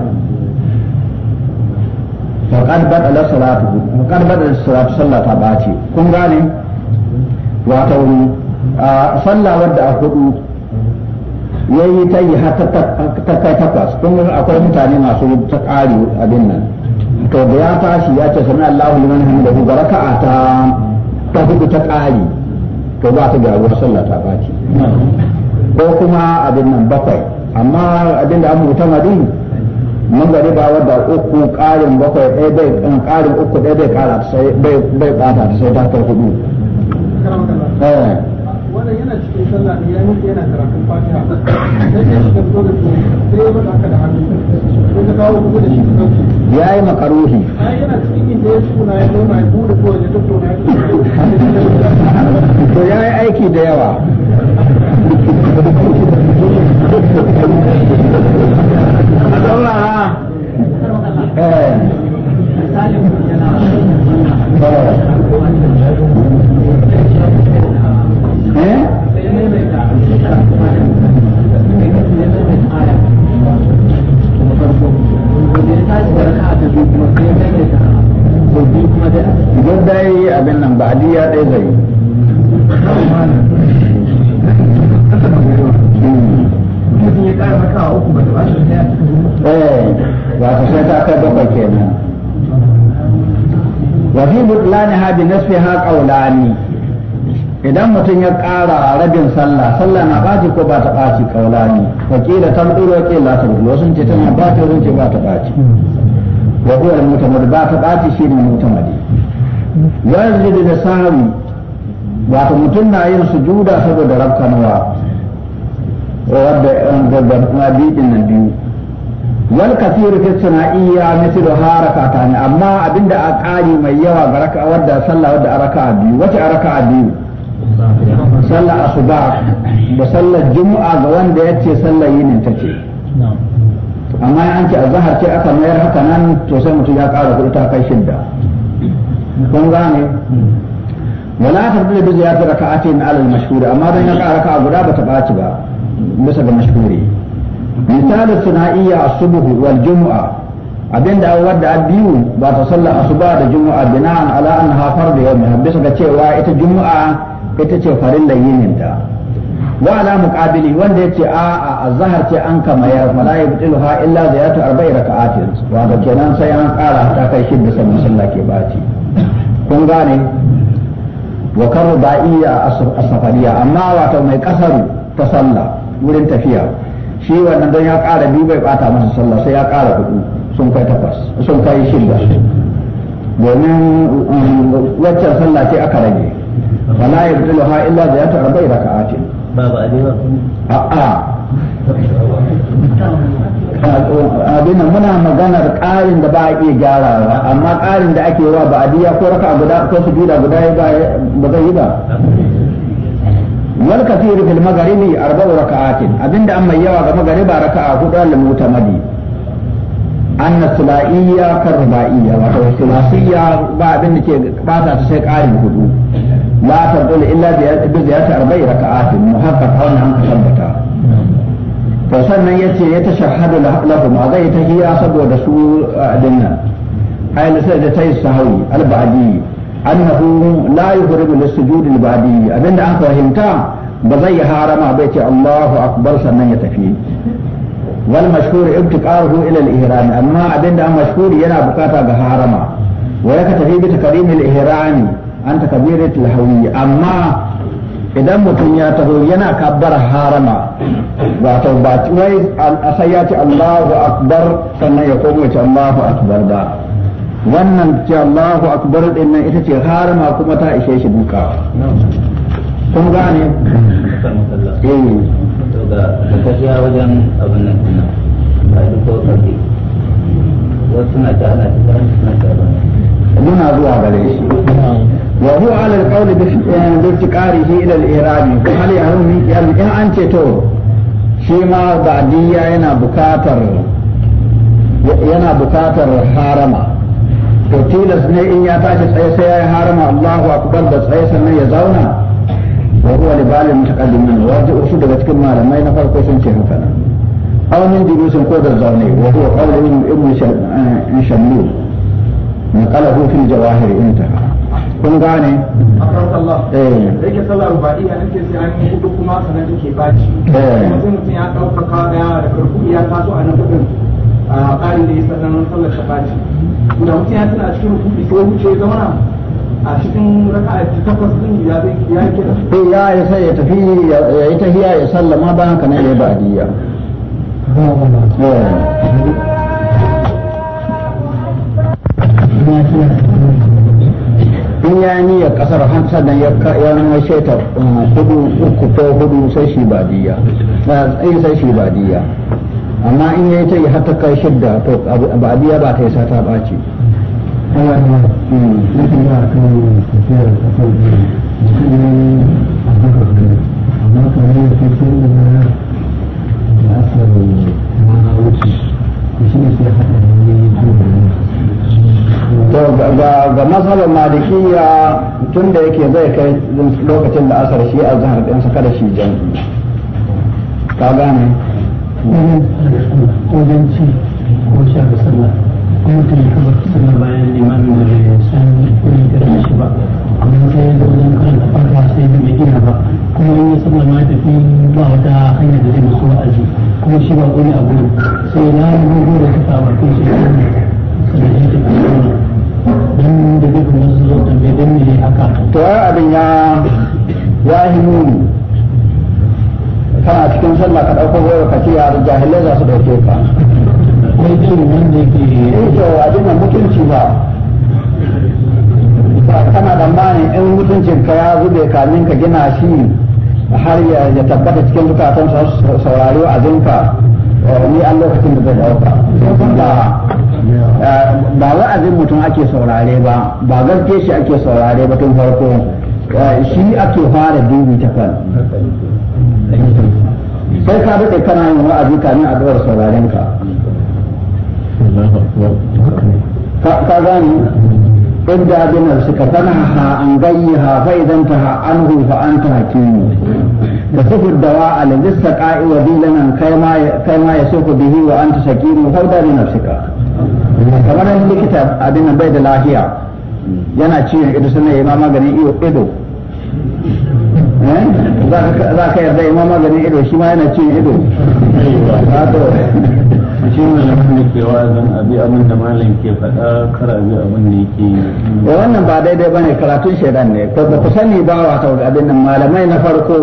faqad badala salatu faqad badala salatu sallata ce kun gane wato sallah wadda a hudu ya yi ta yi ta kai takwas kun akwai mutane masu ta ƙari abin nan to da ya tashi ya ce sami Allahu liman hamidahu baraka'a ta ta hudu ta ƙari to ba ta gyaruwa sallah ta baki ko kuma abin nan bakwai amma abin da an rubuta madin mun gari ba wadda uku ƙarin bakwai ɗaya bai ƙarin uku ɗaya bai ƙara sai bai bai ɓata sai ta hudu eh. malam yana cikin sallah ne ya yana karatun fatiha sai ya shiga da sai ya da hannu sai kawo kuma da shi yi yana cikin inda ya ya bude ko ya ya to aiki da yawa Eh. eh. duk dai abin nan ba adiya ɗaya zai eh wato sai ta kai bakwai kenan wa fi butlani ha bi nasfiha qawlani idan mutum ya ƙara rabin sallah sallah na ɓaci ko ba ta ɓaci kaulani wakila ta mutu wakila ta buɗe sun ce tana ɓaci sun ce ba ta ɓaci wa huwa al-mutamad ba ta baci shi ne mutamadi yanzu da sahawi na yin sujuda saboda rabkanwa wadda da bidin nan biyu wal kasiru fi sana'iyya mithlu amma abinda a ƙari mai yawa ga wadda sallah wadda araka'a biyu wace araka'a biyu sallah asuba da sallar juma'a ga wanda yace sallar yinin amma an ce zahar ce aka mayar haka nan to sai mutum ya ƙara kuɗi ta kai shidda kun gane wala da bi ziyadati raka'atin ala al mashhuri amma dan ya ƙara raka'a guda bata baci ba bisa ga mashhuri misali sunaiya as wal jumu'a abinda wadda biyu ba ta salla asuba da jumu'a bina'an ala annaha fardu bisa ga cewa ita jumu'a ita ce farin yinin ta wa ala muqabili wanda yace a a azhar ce an kama ya fala ya butilu ha illa ziyatu arba'i raka'atin wato kenan sai an kara ta kai da sai sallah ke baci kun gane wa kar ba'iya as-safariya amma wato mai kasaru ta sallah wurin tafiya shi wannan don ya kara biyu bai bata masa sallah sai ya kara hudu sun kai takwas sun kai shidda domin um, waccan sallah ce aka rage fala ya butilu ha illa ziyatu arba'i raka'atin a'a abin muna maganar ƙarin da ba a iya gyara amma ƙarin da ake wa ba adiya ko raka guda ko su guda guda ba zai yi ba wal kasiru fil magharibi arba'u raka'atin abinda an mai yawa ga magariba raka'a hudu al mutamadi anna sulaiya kar rubaiya wato sulasiyya ba abin da ke basa ta sai ƙarin hudu لا تقول إلا بزيادة أربع ركعات محقق أو نعم تثبتا فسنة يتي يتشهد لهم أضيت هي صدو دسو أدنى أي لسيدة تيسهوي البعدي أنه لا يضرب للسجود البعدي أبن أن وهمتا بزي هارم بيتي الله أكبر سنة يتفي والمشهور ابتكاره إلى الإهرام أما أبن أن مشهور ينا بكاتا بهارما ويكتفي بتكريم الإهرام an takabiratul hawi amma idan mutum ya taho yana kabbar harama ba wato ba wai sai ya ce Allahu akbar sannan ya komo ya ce Allahu akbar ba wannan ce Allahu akbar din nan ita ce harama kuma ta ishe shi duka kun gane eh da eh. kashiya wajen abin nan din nan wasu na ta ana ta suna ta دون هو عليه وهو على القول يعني بافتقاره الى الايراني فهل يهمني ان انت تو شيما بعديا انا بكاتر انا بكاتر حارما وتيل سني ان ياتاك سيسيا حارما الله اكبر بس سيسيا يزاونا وهو لبالي المتقدم من الواجب وشو دبت كم مالا ما ينفر قوسن شيخ فلا او من دي القدر قوسن وهو قول ابن آه، شملوس نقله في الجواهر انتهى kun gane eh da yake sallar rubaiya nake ke an yi hudu kuma sanan ke baci eh mutum ya dauka kaya da karku ya taso a nan gudun a ƙarin da ya sanan sallar ta baci da mutum ya tana cikin rubutu sai wuce zamana a cikin raka raka'a takwas din ya ya kira ya ya sai ya tafi ya yi tafiya ya sallama ba haka nan ya ba'diya eh in ya niyyar kasar hamsa dan ya mai shaita um, hudu uku ko hudu sai shi badiya sai shi badiya amma in ya yi ta yi har kai shidda to badiya ba ta yi sata ba ce amma ga masalar malikiya tun da yake zai kai lokacin da asar shi a zahar ɗin su kada shi jan ka gane ko jan ci ko shi a da sallah ko mutum ya kaba sallah bayan limamin da bai san irin kiran shi ba amma sai ya zo wajen karanta fata sai bai gina ba kuma in ya sallah ma tafi ba wata hanyar da zai musu wa'azi kuma shi ba wani abu sai na yi da ta saba kai shi ya ne to wani abin ya ya himuni kana cikin sallah ka ɗauko goro ka ce yaro jahilai za su ɗauke ka kai irin wanda yake eh to abin nan mutunci ba kana da mani in mutuncin ka ya zube kamin ka gina shi har ya tabbata cikin zukatan saurari abinka Eh, ni an lokacin da zai dauka ba eh, wa'azin mutum ake saurare ba ba gaske shi ake saurare ba tun farko eh, shi ake fara dubi ta kan sai ka daɗe kana yin wa'azi kamin a ɗora saurarenka. ka gani فدا بنفسك فنهى عن غيها فاذا انتهى عنه فانت حكيم كسف الدواء الذي السقاء وذي لنا كما كما يسوق به وانت سكين فدا بنفسك كما ان الكتاب ادنا بيد الاحياء يانا تشي ادو سنه امام غني ايو ادو za ka yarda imama gani ido shi ma yana cin ido shi ne da kewa zan abi abin da malam ke faɗa kar abi abin da yake wannan ba daidai bane karatun shaidan ne ko ba ku sani ba wato abin nan malamai na farko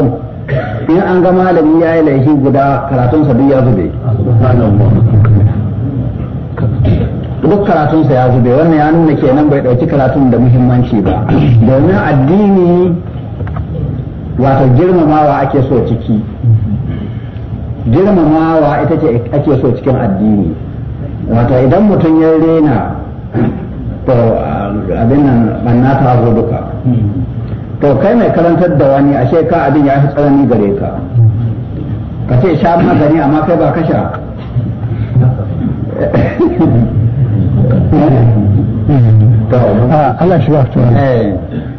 in an ga malami ya yi laifi guda sa duk ya zube duk karatun sa ya zube wannan ya nuna kenan bai ɗauki karatun da muhimmanci ba domin addini wato girmamawa ake so ciki girmamawa ita ce ake so cikin addini wata idan mutum ya rena to ah, abin nan banna ta zo duka to kai mai karantar da wani ashe ka abin ya fi tsanani gare ka ka ce sha magani amma kai ba ka sha ah, Allah shi ba eh,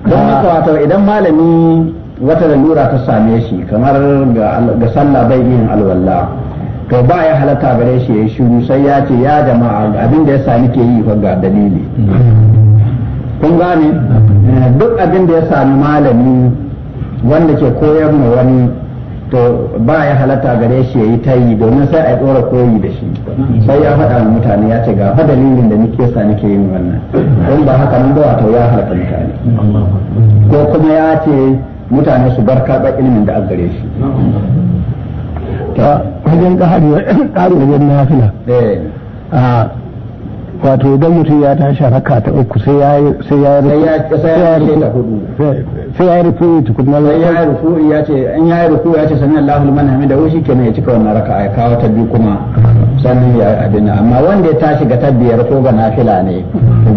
don haka wato idan malami wata lalura ta same shi kamar ga sallah bai yin alwala to ba ya halatta gare shi ya yi shiru sai ya ce ya jama'a abin da ya sami ke yi ga dalili kun gane eh, duk abin da ya sami malami wanda ke koyar ma wani to ba ya halatta gare shi ya yi ta yi domin sai a ɗora koyi da shi sai ya faɗa wa mutane ya ce ga fa dalilin da nike sa nake yin wannan don ba haka nan ba wato ya halatta mutane ko kuma ya ce mutane su bar karɓar ilimin da an gare shi ta wajen ƙari wajen fila. Eh. a wato idan mutum ya tashi raka ta uku sai ya yi sai ya yi sai ya yi rufu ya yi rufu sai ya yi rufu ya ce in ya yi rufu ya ce sami Allahu liman hamida wushi kenan ya cika wannan raka ya kawo ta biyu kuma sannan ya abin amma wanda ya tashi ga tabbiyar ko ga nafila ne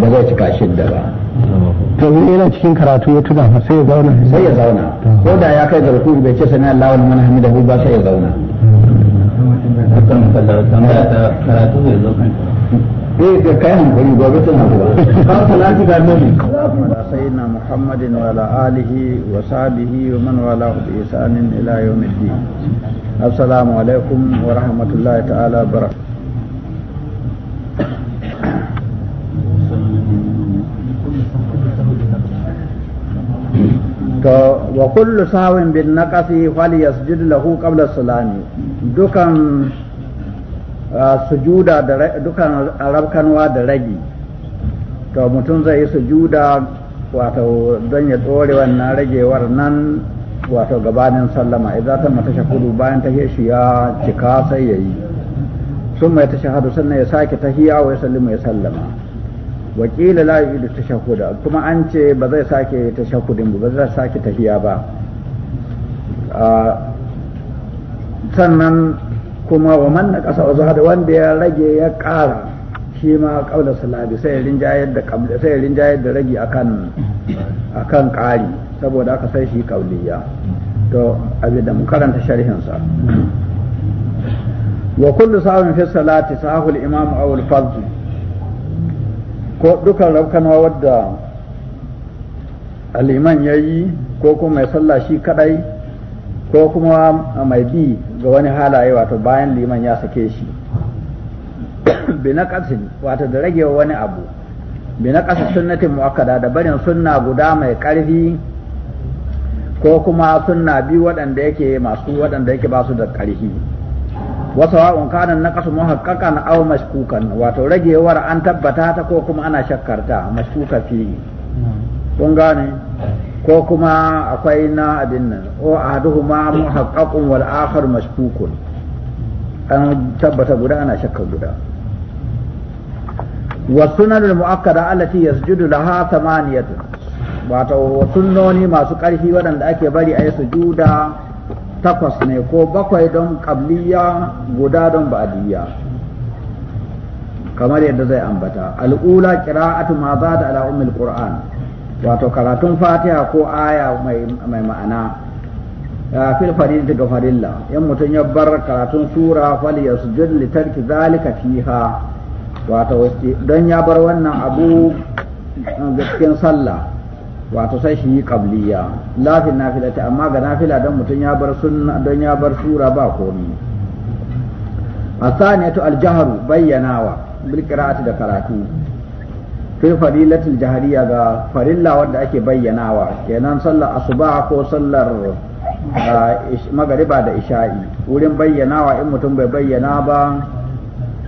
ba zai cika shidda ba to in yana cikin karatu ya tuna fa sai ya zauna sai ya zauna ko da ya kai ga bai ce sami Allah wal man hamida ba sai ya zauna karatu zai zo eh da kai hankali gobe tana sayyidina muhammadin wa wa sahbihi wa man wala bi ila yawmiddin alaikum wa ta'ala to wa kullu sawin bin naqasi yasjud lahu qabla salami dukan sujuda da dukan arabkanwa da ragi to mutum zai yi sujuda wato don ya tsore wannan ragewar nan wato gabanin sallama idan ta mata shakudu bayan ta shi ya cika sai yayi sun mai ta shahadu sannan ya sake tahiyya wa ya sallama ya sallama wakila la yu'idu tashahuda kuma an ce ba zai sake tashahudin ba zai sake tafiya ba ah, sannan kuma wa man na ƙasa wanda ya rage ya ƙara shi ma ƙaunar salabi sai ya rinjayar da rage akan akan ƙari saboda aka sai shi ƙauliya to abin da mu karanta sharhin wa kullu sahun fi salati sahul imam aw al ko dukan rafkana wadda aliman ya yi ko kuma mai sallah shi kadai ko kuma mai bi ga wani halaye wato bayan liman ya sake shi bi na wato da ragewa wani abu bi na ƙasa sunnatin mu'akkada da barin sunna guda mai ƙarfi ko kuma sunna biyu waɗanda yake masu waɗanda yake ba su da ƙarfi wa'un kanan na kasu muhakkakan au mashkukan wato ragewar an tabbata ta ko kuma ana shakkarta mashkuka fi kun gane ko kuma akwai na abin nan o ahaduhuma muhaqqaqun wal akhar mashkukun an tabbata guda ana shakkar guda wa sunanul muakkada allati yasjudu laha thamaniyatun wato sunnoni masu ƙarfi waɗanda ake bari a yi sujuda takwas ne ko bakwai don ƙabliya guda don ba'adiyya. kamar yadda zai ambata al'ula qira'atu ma za da ala ummil qur'an wato karatun fatiha ko aya mai ma'ana fil farilla daga farilla yan mutum ya bar karatun sura ya yasjud li tarki zalika fiha wato don ya bar wannan abu eh, cikin sallah wato sai shi yi qabliya lafin nafila ta amma ga nafila don mutum ya bar sunna don ya bar sura ba komi asaniyatu aljaharu bayyanawa bil qira'ati da karatu fi fadilatul jahariya ga farilla wanda ake bayyanawa kenan sallar asuba ko sallar ah, magariba da isha'i wurin bayyanawa in mutum bai bayyana ba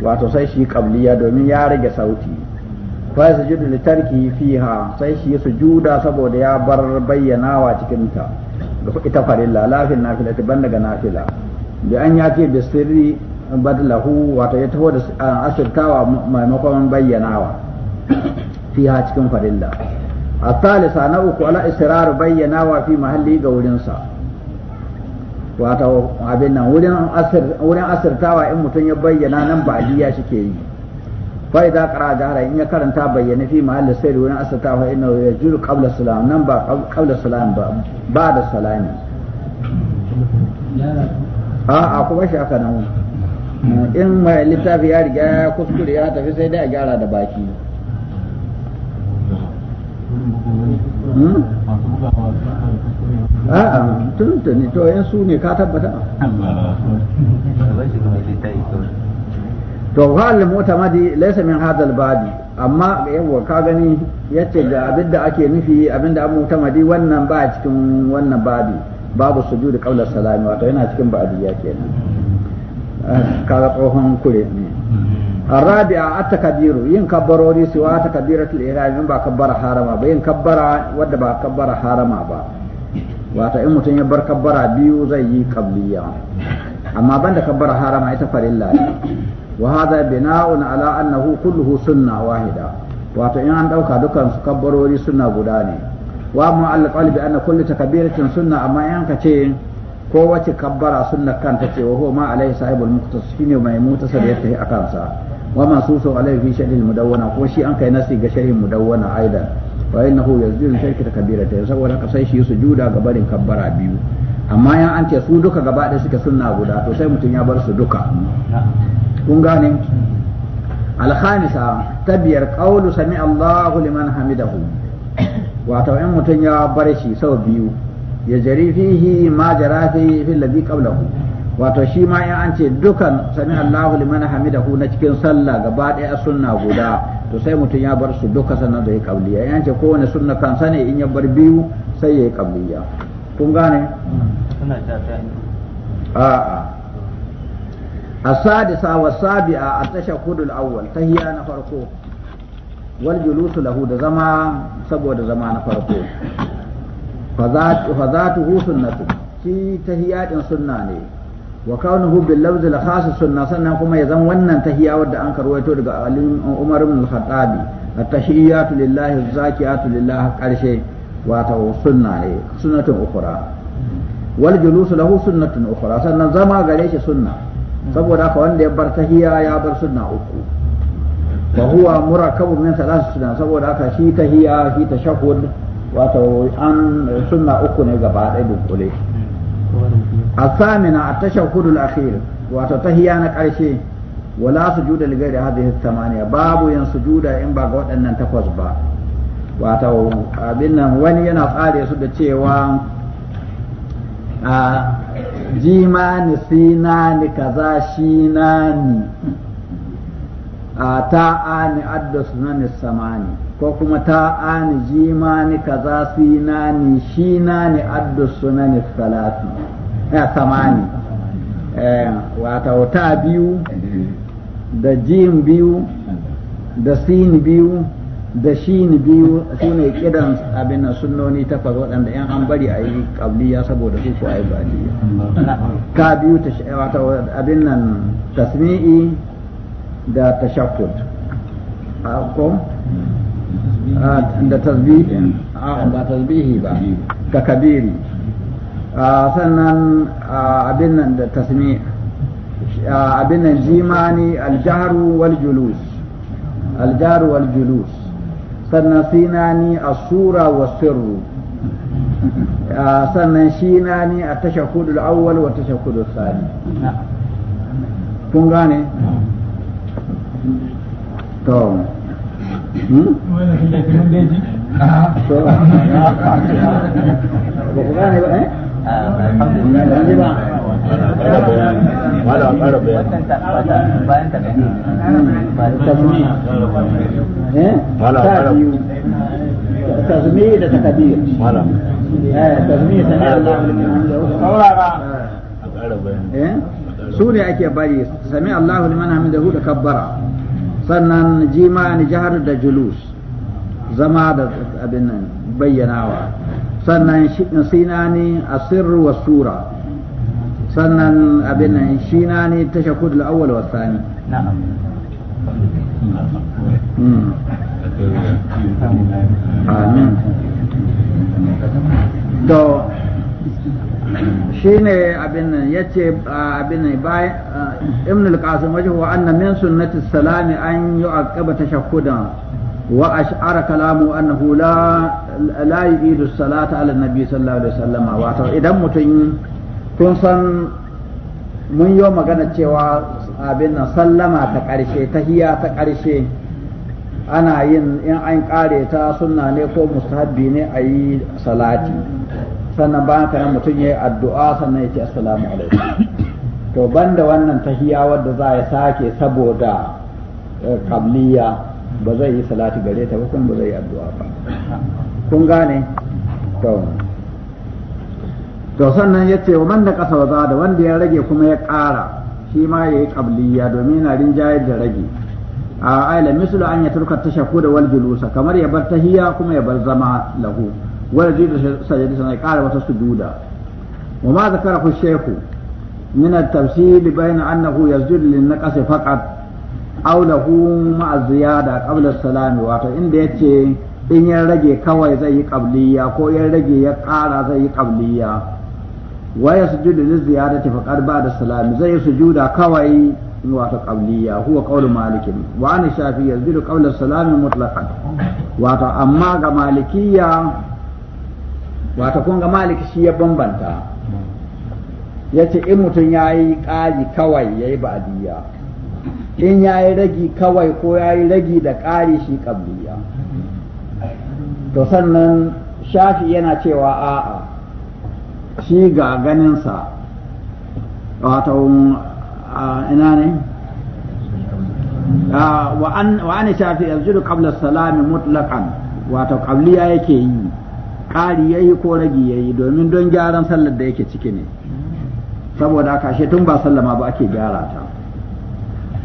wato sai shi kabliya domin ya rage sauti fa sujudu li tarki fiha sai shi ya sujuda saboda ya bar bayyanawa cikin ta ita farilla lafin nafila ta banda ga nafila bi an ya ce bi sirri badlahu wato ya taho da asirtawa maimakon bayyanawa fiha cikin farilla الثالثة نوك على إصرار بينا وفي محلي قولنسا wato abin nan wurin asirtawa in mutum ya bayyana nan ba ya shike yi fa idza qara jara in ya karanta bayyana fi mahall sayr wurin asata fa inna juru qabla salam nan ba qabla salam ba ba da salami a a kuma shi aka nan in mai littafi ya riga ya kuskure ya tafi sai dai a gyara da baki a'a tuntuni to yan su ne ka tabbata to ghalil mutamadi laysa min hadha albadi amma yawa ka gani yace da abinda ake nufi abinda abu mutamadi wannan ba cikin wannan babi babu sujudi qawla salami wato yana cikin ba'diyya kenan kaga tsohon kure ne arabi'a at-takbiru yin kabbarori siwa takbiratu al-ihram ba kabbara harama ba yin kabbara wadda ba kabbara harama ba wata in mutum ya bar kabbara biyu zai yi kabbiya amma banda kabbara harama ita farilla ne wa hadha bina'un ala annahu kulluhu sunna wahida wato in an ɗauka dukan su kabbarori sunna guda ne wa mu al qalbi anna kullu takbiratin sunna amma in ka ce ko wace kabbara sunna kanta cewa wa huwa ma alaihi sahibul shine mai mutasar ya tafi akan sa wa mansusu alaihi fi sharhil mudawwana ko shi an kai nasi ga sharhin mudawwana aidan wa innahu yazdiru shirki takbirata saboda ka sai shi sujuda ga barin kabbara biyu amma yan an ce su duka gaba ɗaya suke sunna guda to sai mutum ya bar su duka kun gane alhamisa ta biyar qawlu sami Allahu liman hamidahu wato in mutum ya bar shi sau biyu ya jari fihi ma jara fi fil ladhi wato shi ma in an ce dukan sami Allahu liman hamidahu na cikin sallah gaba daya sunna guda to sai mutum ya bar su duka sannan da ya qabliya in an ce kowane sunna kansa ne in ya bar biyu sai ya yi qabliya kun gane a'a السادسة والسابعة التشهد الأول تهيا نفرقو والجلوس له دزما سبو دزما نفرقو فذات فذاته سنة شي تهيا سنة وكونه باللفظ الخاص سنة سنة كما يزم ونن تهيا ود أنكر ويتو عمر بن الخطاب التحيات لله الزاكيات لله قرشي واتو سنة سنة أخرى والجلوس له سنة أخرى سنة زما غريش سنة saboda haka wanda ya bar tahiya ya bar sunna uku wa huwa murakkabu min thalath sunna saboda haka shi tahiya shi tashahhud wato an sunna uku ne gaba ɗaya dunkule الثامنة التشهد الأخير وتتهيان قرشي ولا سجود لغير هذه الثمانية باب ين سجود إن باقوت أن تقوز با واتو أبنا وني ينا tsari su da cewa. ni, na ni, kaza shi na ni a ta'ani adda sunani ni, ko kuma ni, ma ni, kaza shi na ni, sinani shinani adda sunani salati ya ni, eh, wata ta biyu da jim biyu da sin biyu da shi ni biyu su ne kidan abin nan sunnoni takwas waɗanda yan an bari a yi ƙabliya saboda su ko ayi yi ka biyu ta wata abin nan tasmi'i da tashakkut ko da tasbihi ba tasbihi ba da kabiri sannan abin nan da tasmi'i abin nan jimani aljaharu wal julus aljaharu wal julus sannan sinani a sura wa sirru sannan shinani a tashahudul awwal wa tashahudul sani kun gane to ba ku gane ba eh ولا قرب تقدير ولا سمع الله لمن حمده سورة أكي بري سمع الله لمن حمده لكبر sannan jima ni jihar da julus zama da abin nan bayyanawa sannan sannan abin nan shi na ne tashakud al-awwal wa thani na'am hmm. amin to shi ne abin nan ya ce abin nan bayan ibn al-qasim wajen wa anna min sunnati salami an yi yu'aqqaba tashakkudan wa ash'ara kalamu annahu la la yu'idu salata ala nabi sallallahu alaihi wasallam wato idan mutum kun san mun yi magana cewa abin nan sallama ta ƙarshe ta tahiya ta ƙarshe ana yin in an ƙare ta sunna ne ko mustahabbi ne a yi salati sannan bayan ka mutum ya yi addu'a sannan ya ce assalamu alaikum to banda wannan tahiya wadda za ya sake saboda kabliya eh, ba zai yi salati gare ta ba kuma ba zai yi addu'a ba kun gane to to sannan ya ce wa man kasa wa da wanda ya rage kuma ya ƙara shi ma ya yi ƙabliya domin yana rinjaye da rage a ayla mislu an ya turka ta shaku da wal julusa kamar ya bar tahiyya kuma ya bar zama lahu wal julusa sajadi sana ƙara wata sujuda wa ma zakara ku shehu min at tafsir annahu yazdul lin naqas faqat aw lahu ma ziyada qabl as wato inda yace in ya rage kawai zai yi qabliya ko ya rage ya ƙara zai yi qabliya wa yasjudu liziyadati faqad ba'da salam zai sujuda kawai wato qabliya huwa qawlu maliki wa an shafi yasjudu qawla salam mutlaqan wato amma ga malikiya wato kun ga maliki shi ya bambanta yace in mutum yayi qali kawai yayi ba'diya in yayi ragi kawai ko yayi ragi da ƙari shi qabliya to sannan shafi yana cewa a'a shi ga ganinsa wato ina ne wa an shafi yanzu kabla salami mutlaqan wato kabliya yake yi ƙari ya yi ko ragi ya yi domin don gyaran sallar da yake ciki ne saboda ka she tun ba sallama ba ake gyara ta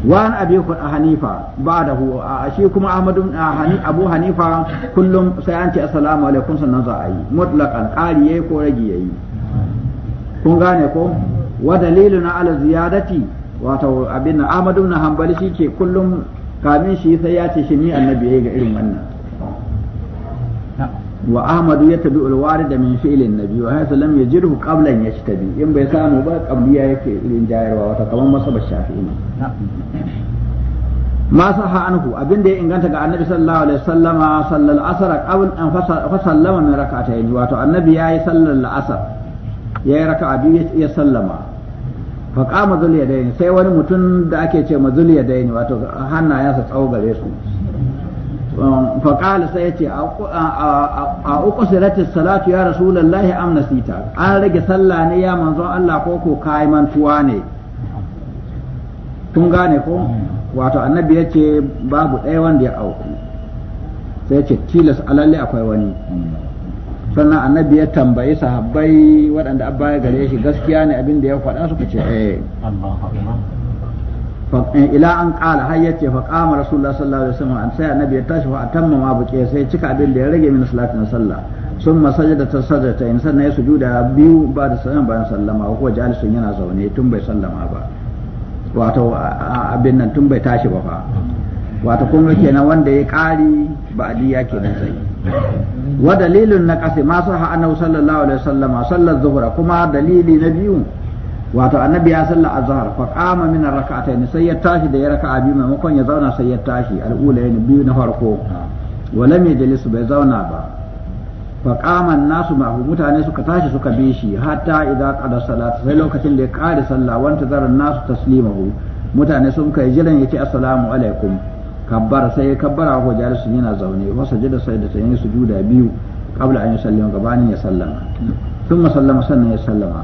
wa an abi kun a hanifa ba da hu a shi kuma ahmadu abu hanifa kullum sai an ce assalamu alaikum sannan za a yi mutlaqan ƙari ya yi ko ragi ya yi kun gane ko wa dalilu daliluna ala ziyadati wato abin Ahmadu ibn Hanbali shike kullum kamin shi sai ya ce shi ni annabi yayi ga irin wannan wa Ahmadu ya tabi alwarid min fi'lin nabi wa hayya lam yajidhu qablan yashtabi in bai samu ba qabliya yake irin jayarwa wata kaman masaba shafi'i ma saha anhu abinda ya inganta ga annabi sallallahu alaihi wasallama sallal asr qabl an fasallama min rak'atayn wato annabi yayi sallal asr ya yi raka biyu ya sallama fa mazul ya yadayn sai wani mutum da ake ce ma ya yadayn wato hannayensa tsawo gare su fa sai ce a uku sirati salatu ya lallahi am nasita an rage sallah ne ya manzo Allah ko ko kai mantuwa ne tun gane ko wato annabi ya ce babu ɗaya wanda ya auku sai ce tilas alalle akwai wani sannan annabi ya tambayi sahabbai waɗanda abba ya gare shi gaskiya ne abin da ya faɗa suka ce eh, eh ila an ƙala har ya ce faƙama rasulullah sallallahu alaihi wasallam an sai annabi ya tashi fa atamma ma buƙe sai cika abin da ya rage min salatin sallah sun da ta sajada in sannan ya sujuda biyu ba da sanan bayan sallama ko jalisun yana zaune tun bai sallama ba wato abin nan tun bai tashi ba fa wato kuma kenan wanda ya ƙari ba adiya kenan sai wa dalilun na masu ha'anau sallallahu alaihi wasallam sallar zuhura kuma dalili na biyu wato annabi ya salla azhar fa qama min taini sai ya tashi da ya raka a biyu maimakon ya zauna sai ya tashi al'ula yana biyu na farko wa lam yajlis bai zauna ba fa qama an-nasu mutane suka tashi suka bi shi hatta idza qada salata sai lokacin da ya kare sallah wanta zaran nasu taslimahu mutane sun kai jiran ya yace assalamu alaikum kabbara sai ya kabbara ko jalisun yana zaune wa sajada sai da tayi sujuda biyu qabla an yusallima gabanin ya sallama thumma sallama sannan ya sallama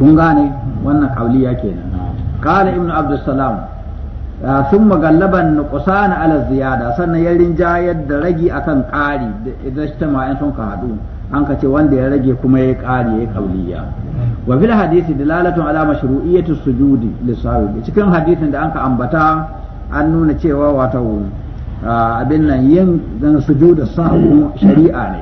kun gane wannan qauliya kenan qala ibnu abdussalam sun ah, magallaban nuqsana ala ziyada sannan ya rinjayar da ragi akan ƙari idan shi yan sun ka haɗu an ka ce wanda ya rage kuma ya kari ya kauliya wa fil hadisi dalalatun ala mashru'iyyati sujudi lisawi cikin hadisin da anka ambata an nuna cewa wato abin nan yin sujuda sahu shari'a ne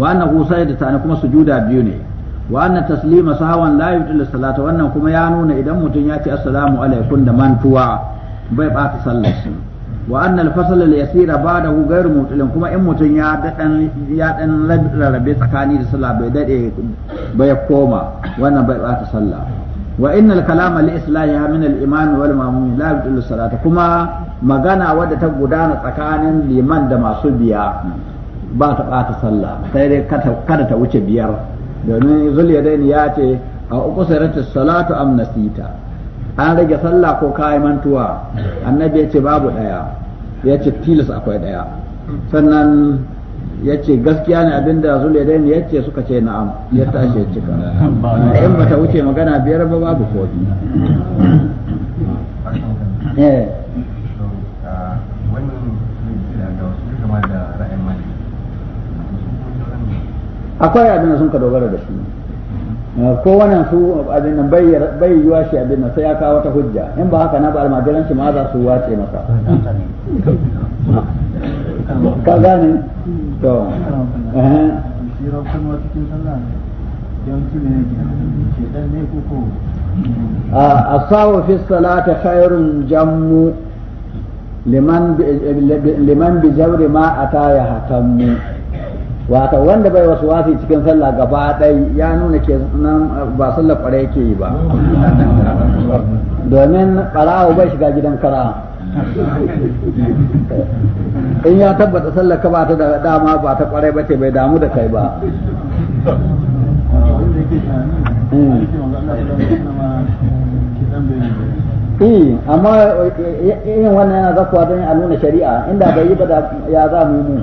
wa annahu da ne kuma sujuda biyu ne wa anna taslima sahawan la yudilla salata wannan kuma ya nuna idan mutum ya ce assalamu alaikum da mantuwa bai bata sallar shi wa anna al-fasl al-yasira ba'dahu ghayr mutilin kuma in mutum ya dan ya dan rarrabe tsakani da sallah bai dade bai koma wannan bai bata sallah wa innal kalama li islahiha min al imam wal ma'mum la yabdulu kuma magana wadda ta gudana tsakanin liman da masu biya ba ta bata sallah sai dai kada ta wuce biyar domin zuliyadaini ya ce a uqsiratu salatu am nasita an rage sallah ko kayi mantuwa annabi ya ce babu ɗaya," ya ce tilas akwai ɗaya. sannan ya ce gaskiya ne abin da ne ya ce suka ce na'am ya tashi ya cika in bata wuce magana biyar ba babu kofi eh. Eh. akwai abin da sun ka dogara da shi eh, ko wannan su abin nan bai yiwa shi abin nan sai ya kawo wata hujja in ba haka na ba almajiran shi ma za su wace masa ka gane to eh shi cikin sallah liman bi jawri ma ya hatammu wato wanda bai wasu wasi cikin sallah gaba ɗai ya nuna ke nan ba sallah ƙwarai yake yi ba domin ɓarawo bai shiga gidan kara in ya tabbata sallaka ka ba ta da dama ba ta kwarai ba ce bai damu da kai ba Eh, amma yin wannan yana zafuwa don a nuna shari'a inda bai yi ba da ya za mu mu.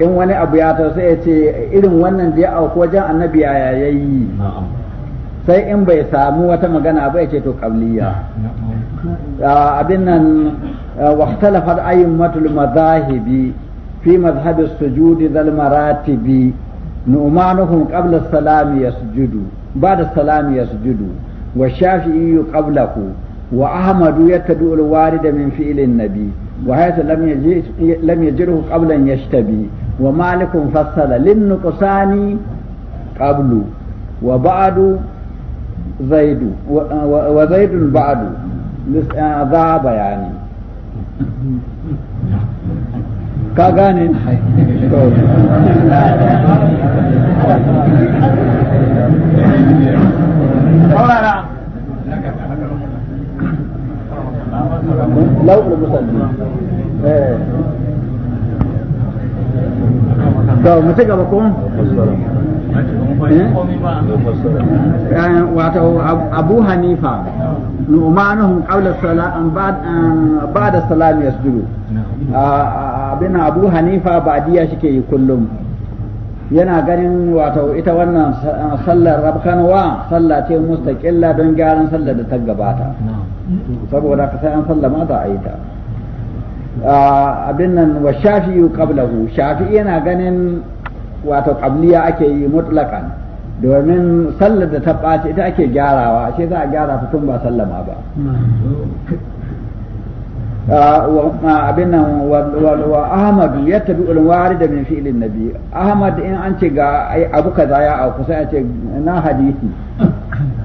in wani abu ya tausa ya ce irin wannan da ya auku wajen annabi ya yayi sai in bai samu wata magana ba ya ce to kabliya ah, abin nan ah, wa ikhtalafa ayyumatul madhahibi fi madhhab as-sujud dal maratibi numanuhum qabla as-salam yasjudu ba'da as-salam yasjudu wa shafi'i qablahu wa ahmad yatadu al-walida min fi'l an-nabi wa hayat lam yajirhu qabla an yashtabi ومالك فصل للنقصان قبل وبعد زيد وزيد بعد ذهب يعني ka لو to mu ci gaba ko eh? Eh, wato abu hanifa numanuhum qawla salam ba'da salam yasjudu ah, abin abu hanifa ba'diya shike yi kullum yana ganin wato ita wannan sallar rabkanwa sallah ce mustaqilla don gyaran sallar da ta gabata saboda ka sai an sallama za a yi ta abin nan wa shafi'u qablahu shafi yana ganin wato kabliya ake yi mutlaka domin sallar da ta ɓace ita ake gyarawa ashe za a gyara ta tun ba sallama ba abin nan wa ahmad ya tabi wari da min fi'ilin nabi ahmad in an ce ga abu kaza ya a kusa ya ce na hadisi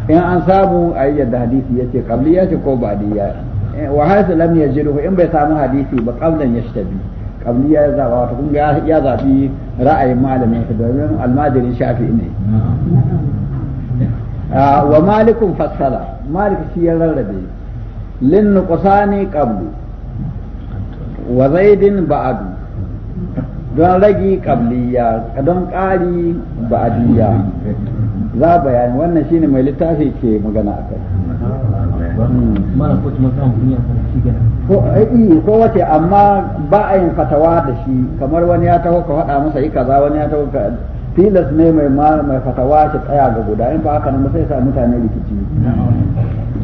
in an samu a yi yadda hadisi ya ce qabliya ce ko ba'diya Eh, wa ya lam yajiduhu in bai samu hadisi ba qablan yashtabi qabli ya zaba wata kun ya zabi ra'ayin malamin shi domin almajirin shafi'i ne ah, wa malikun fassala malik shi ya rarrabe lin nuqsani qablu wa zaidin ba'du don ragi kabliya don ƙari ba'adiyya za bayani wannan shine mai littafi ke magana a kai hmm. eh, eh, ko wace amma ba a yin fatawa da shi kamar wani ya taho ka faɗa masa yi kaza wani ya taho ka tilas ne mai mai fatawa shi tsaya ga guda in ba haka nan ba sai sa mutane rikici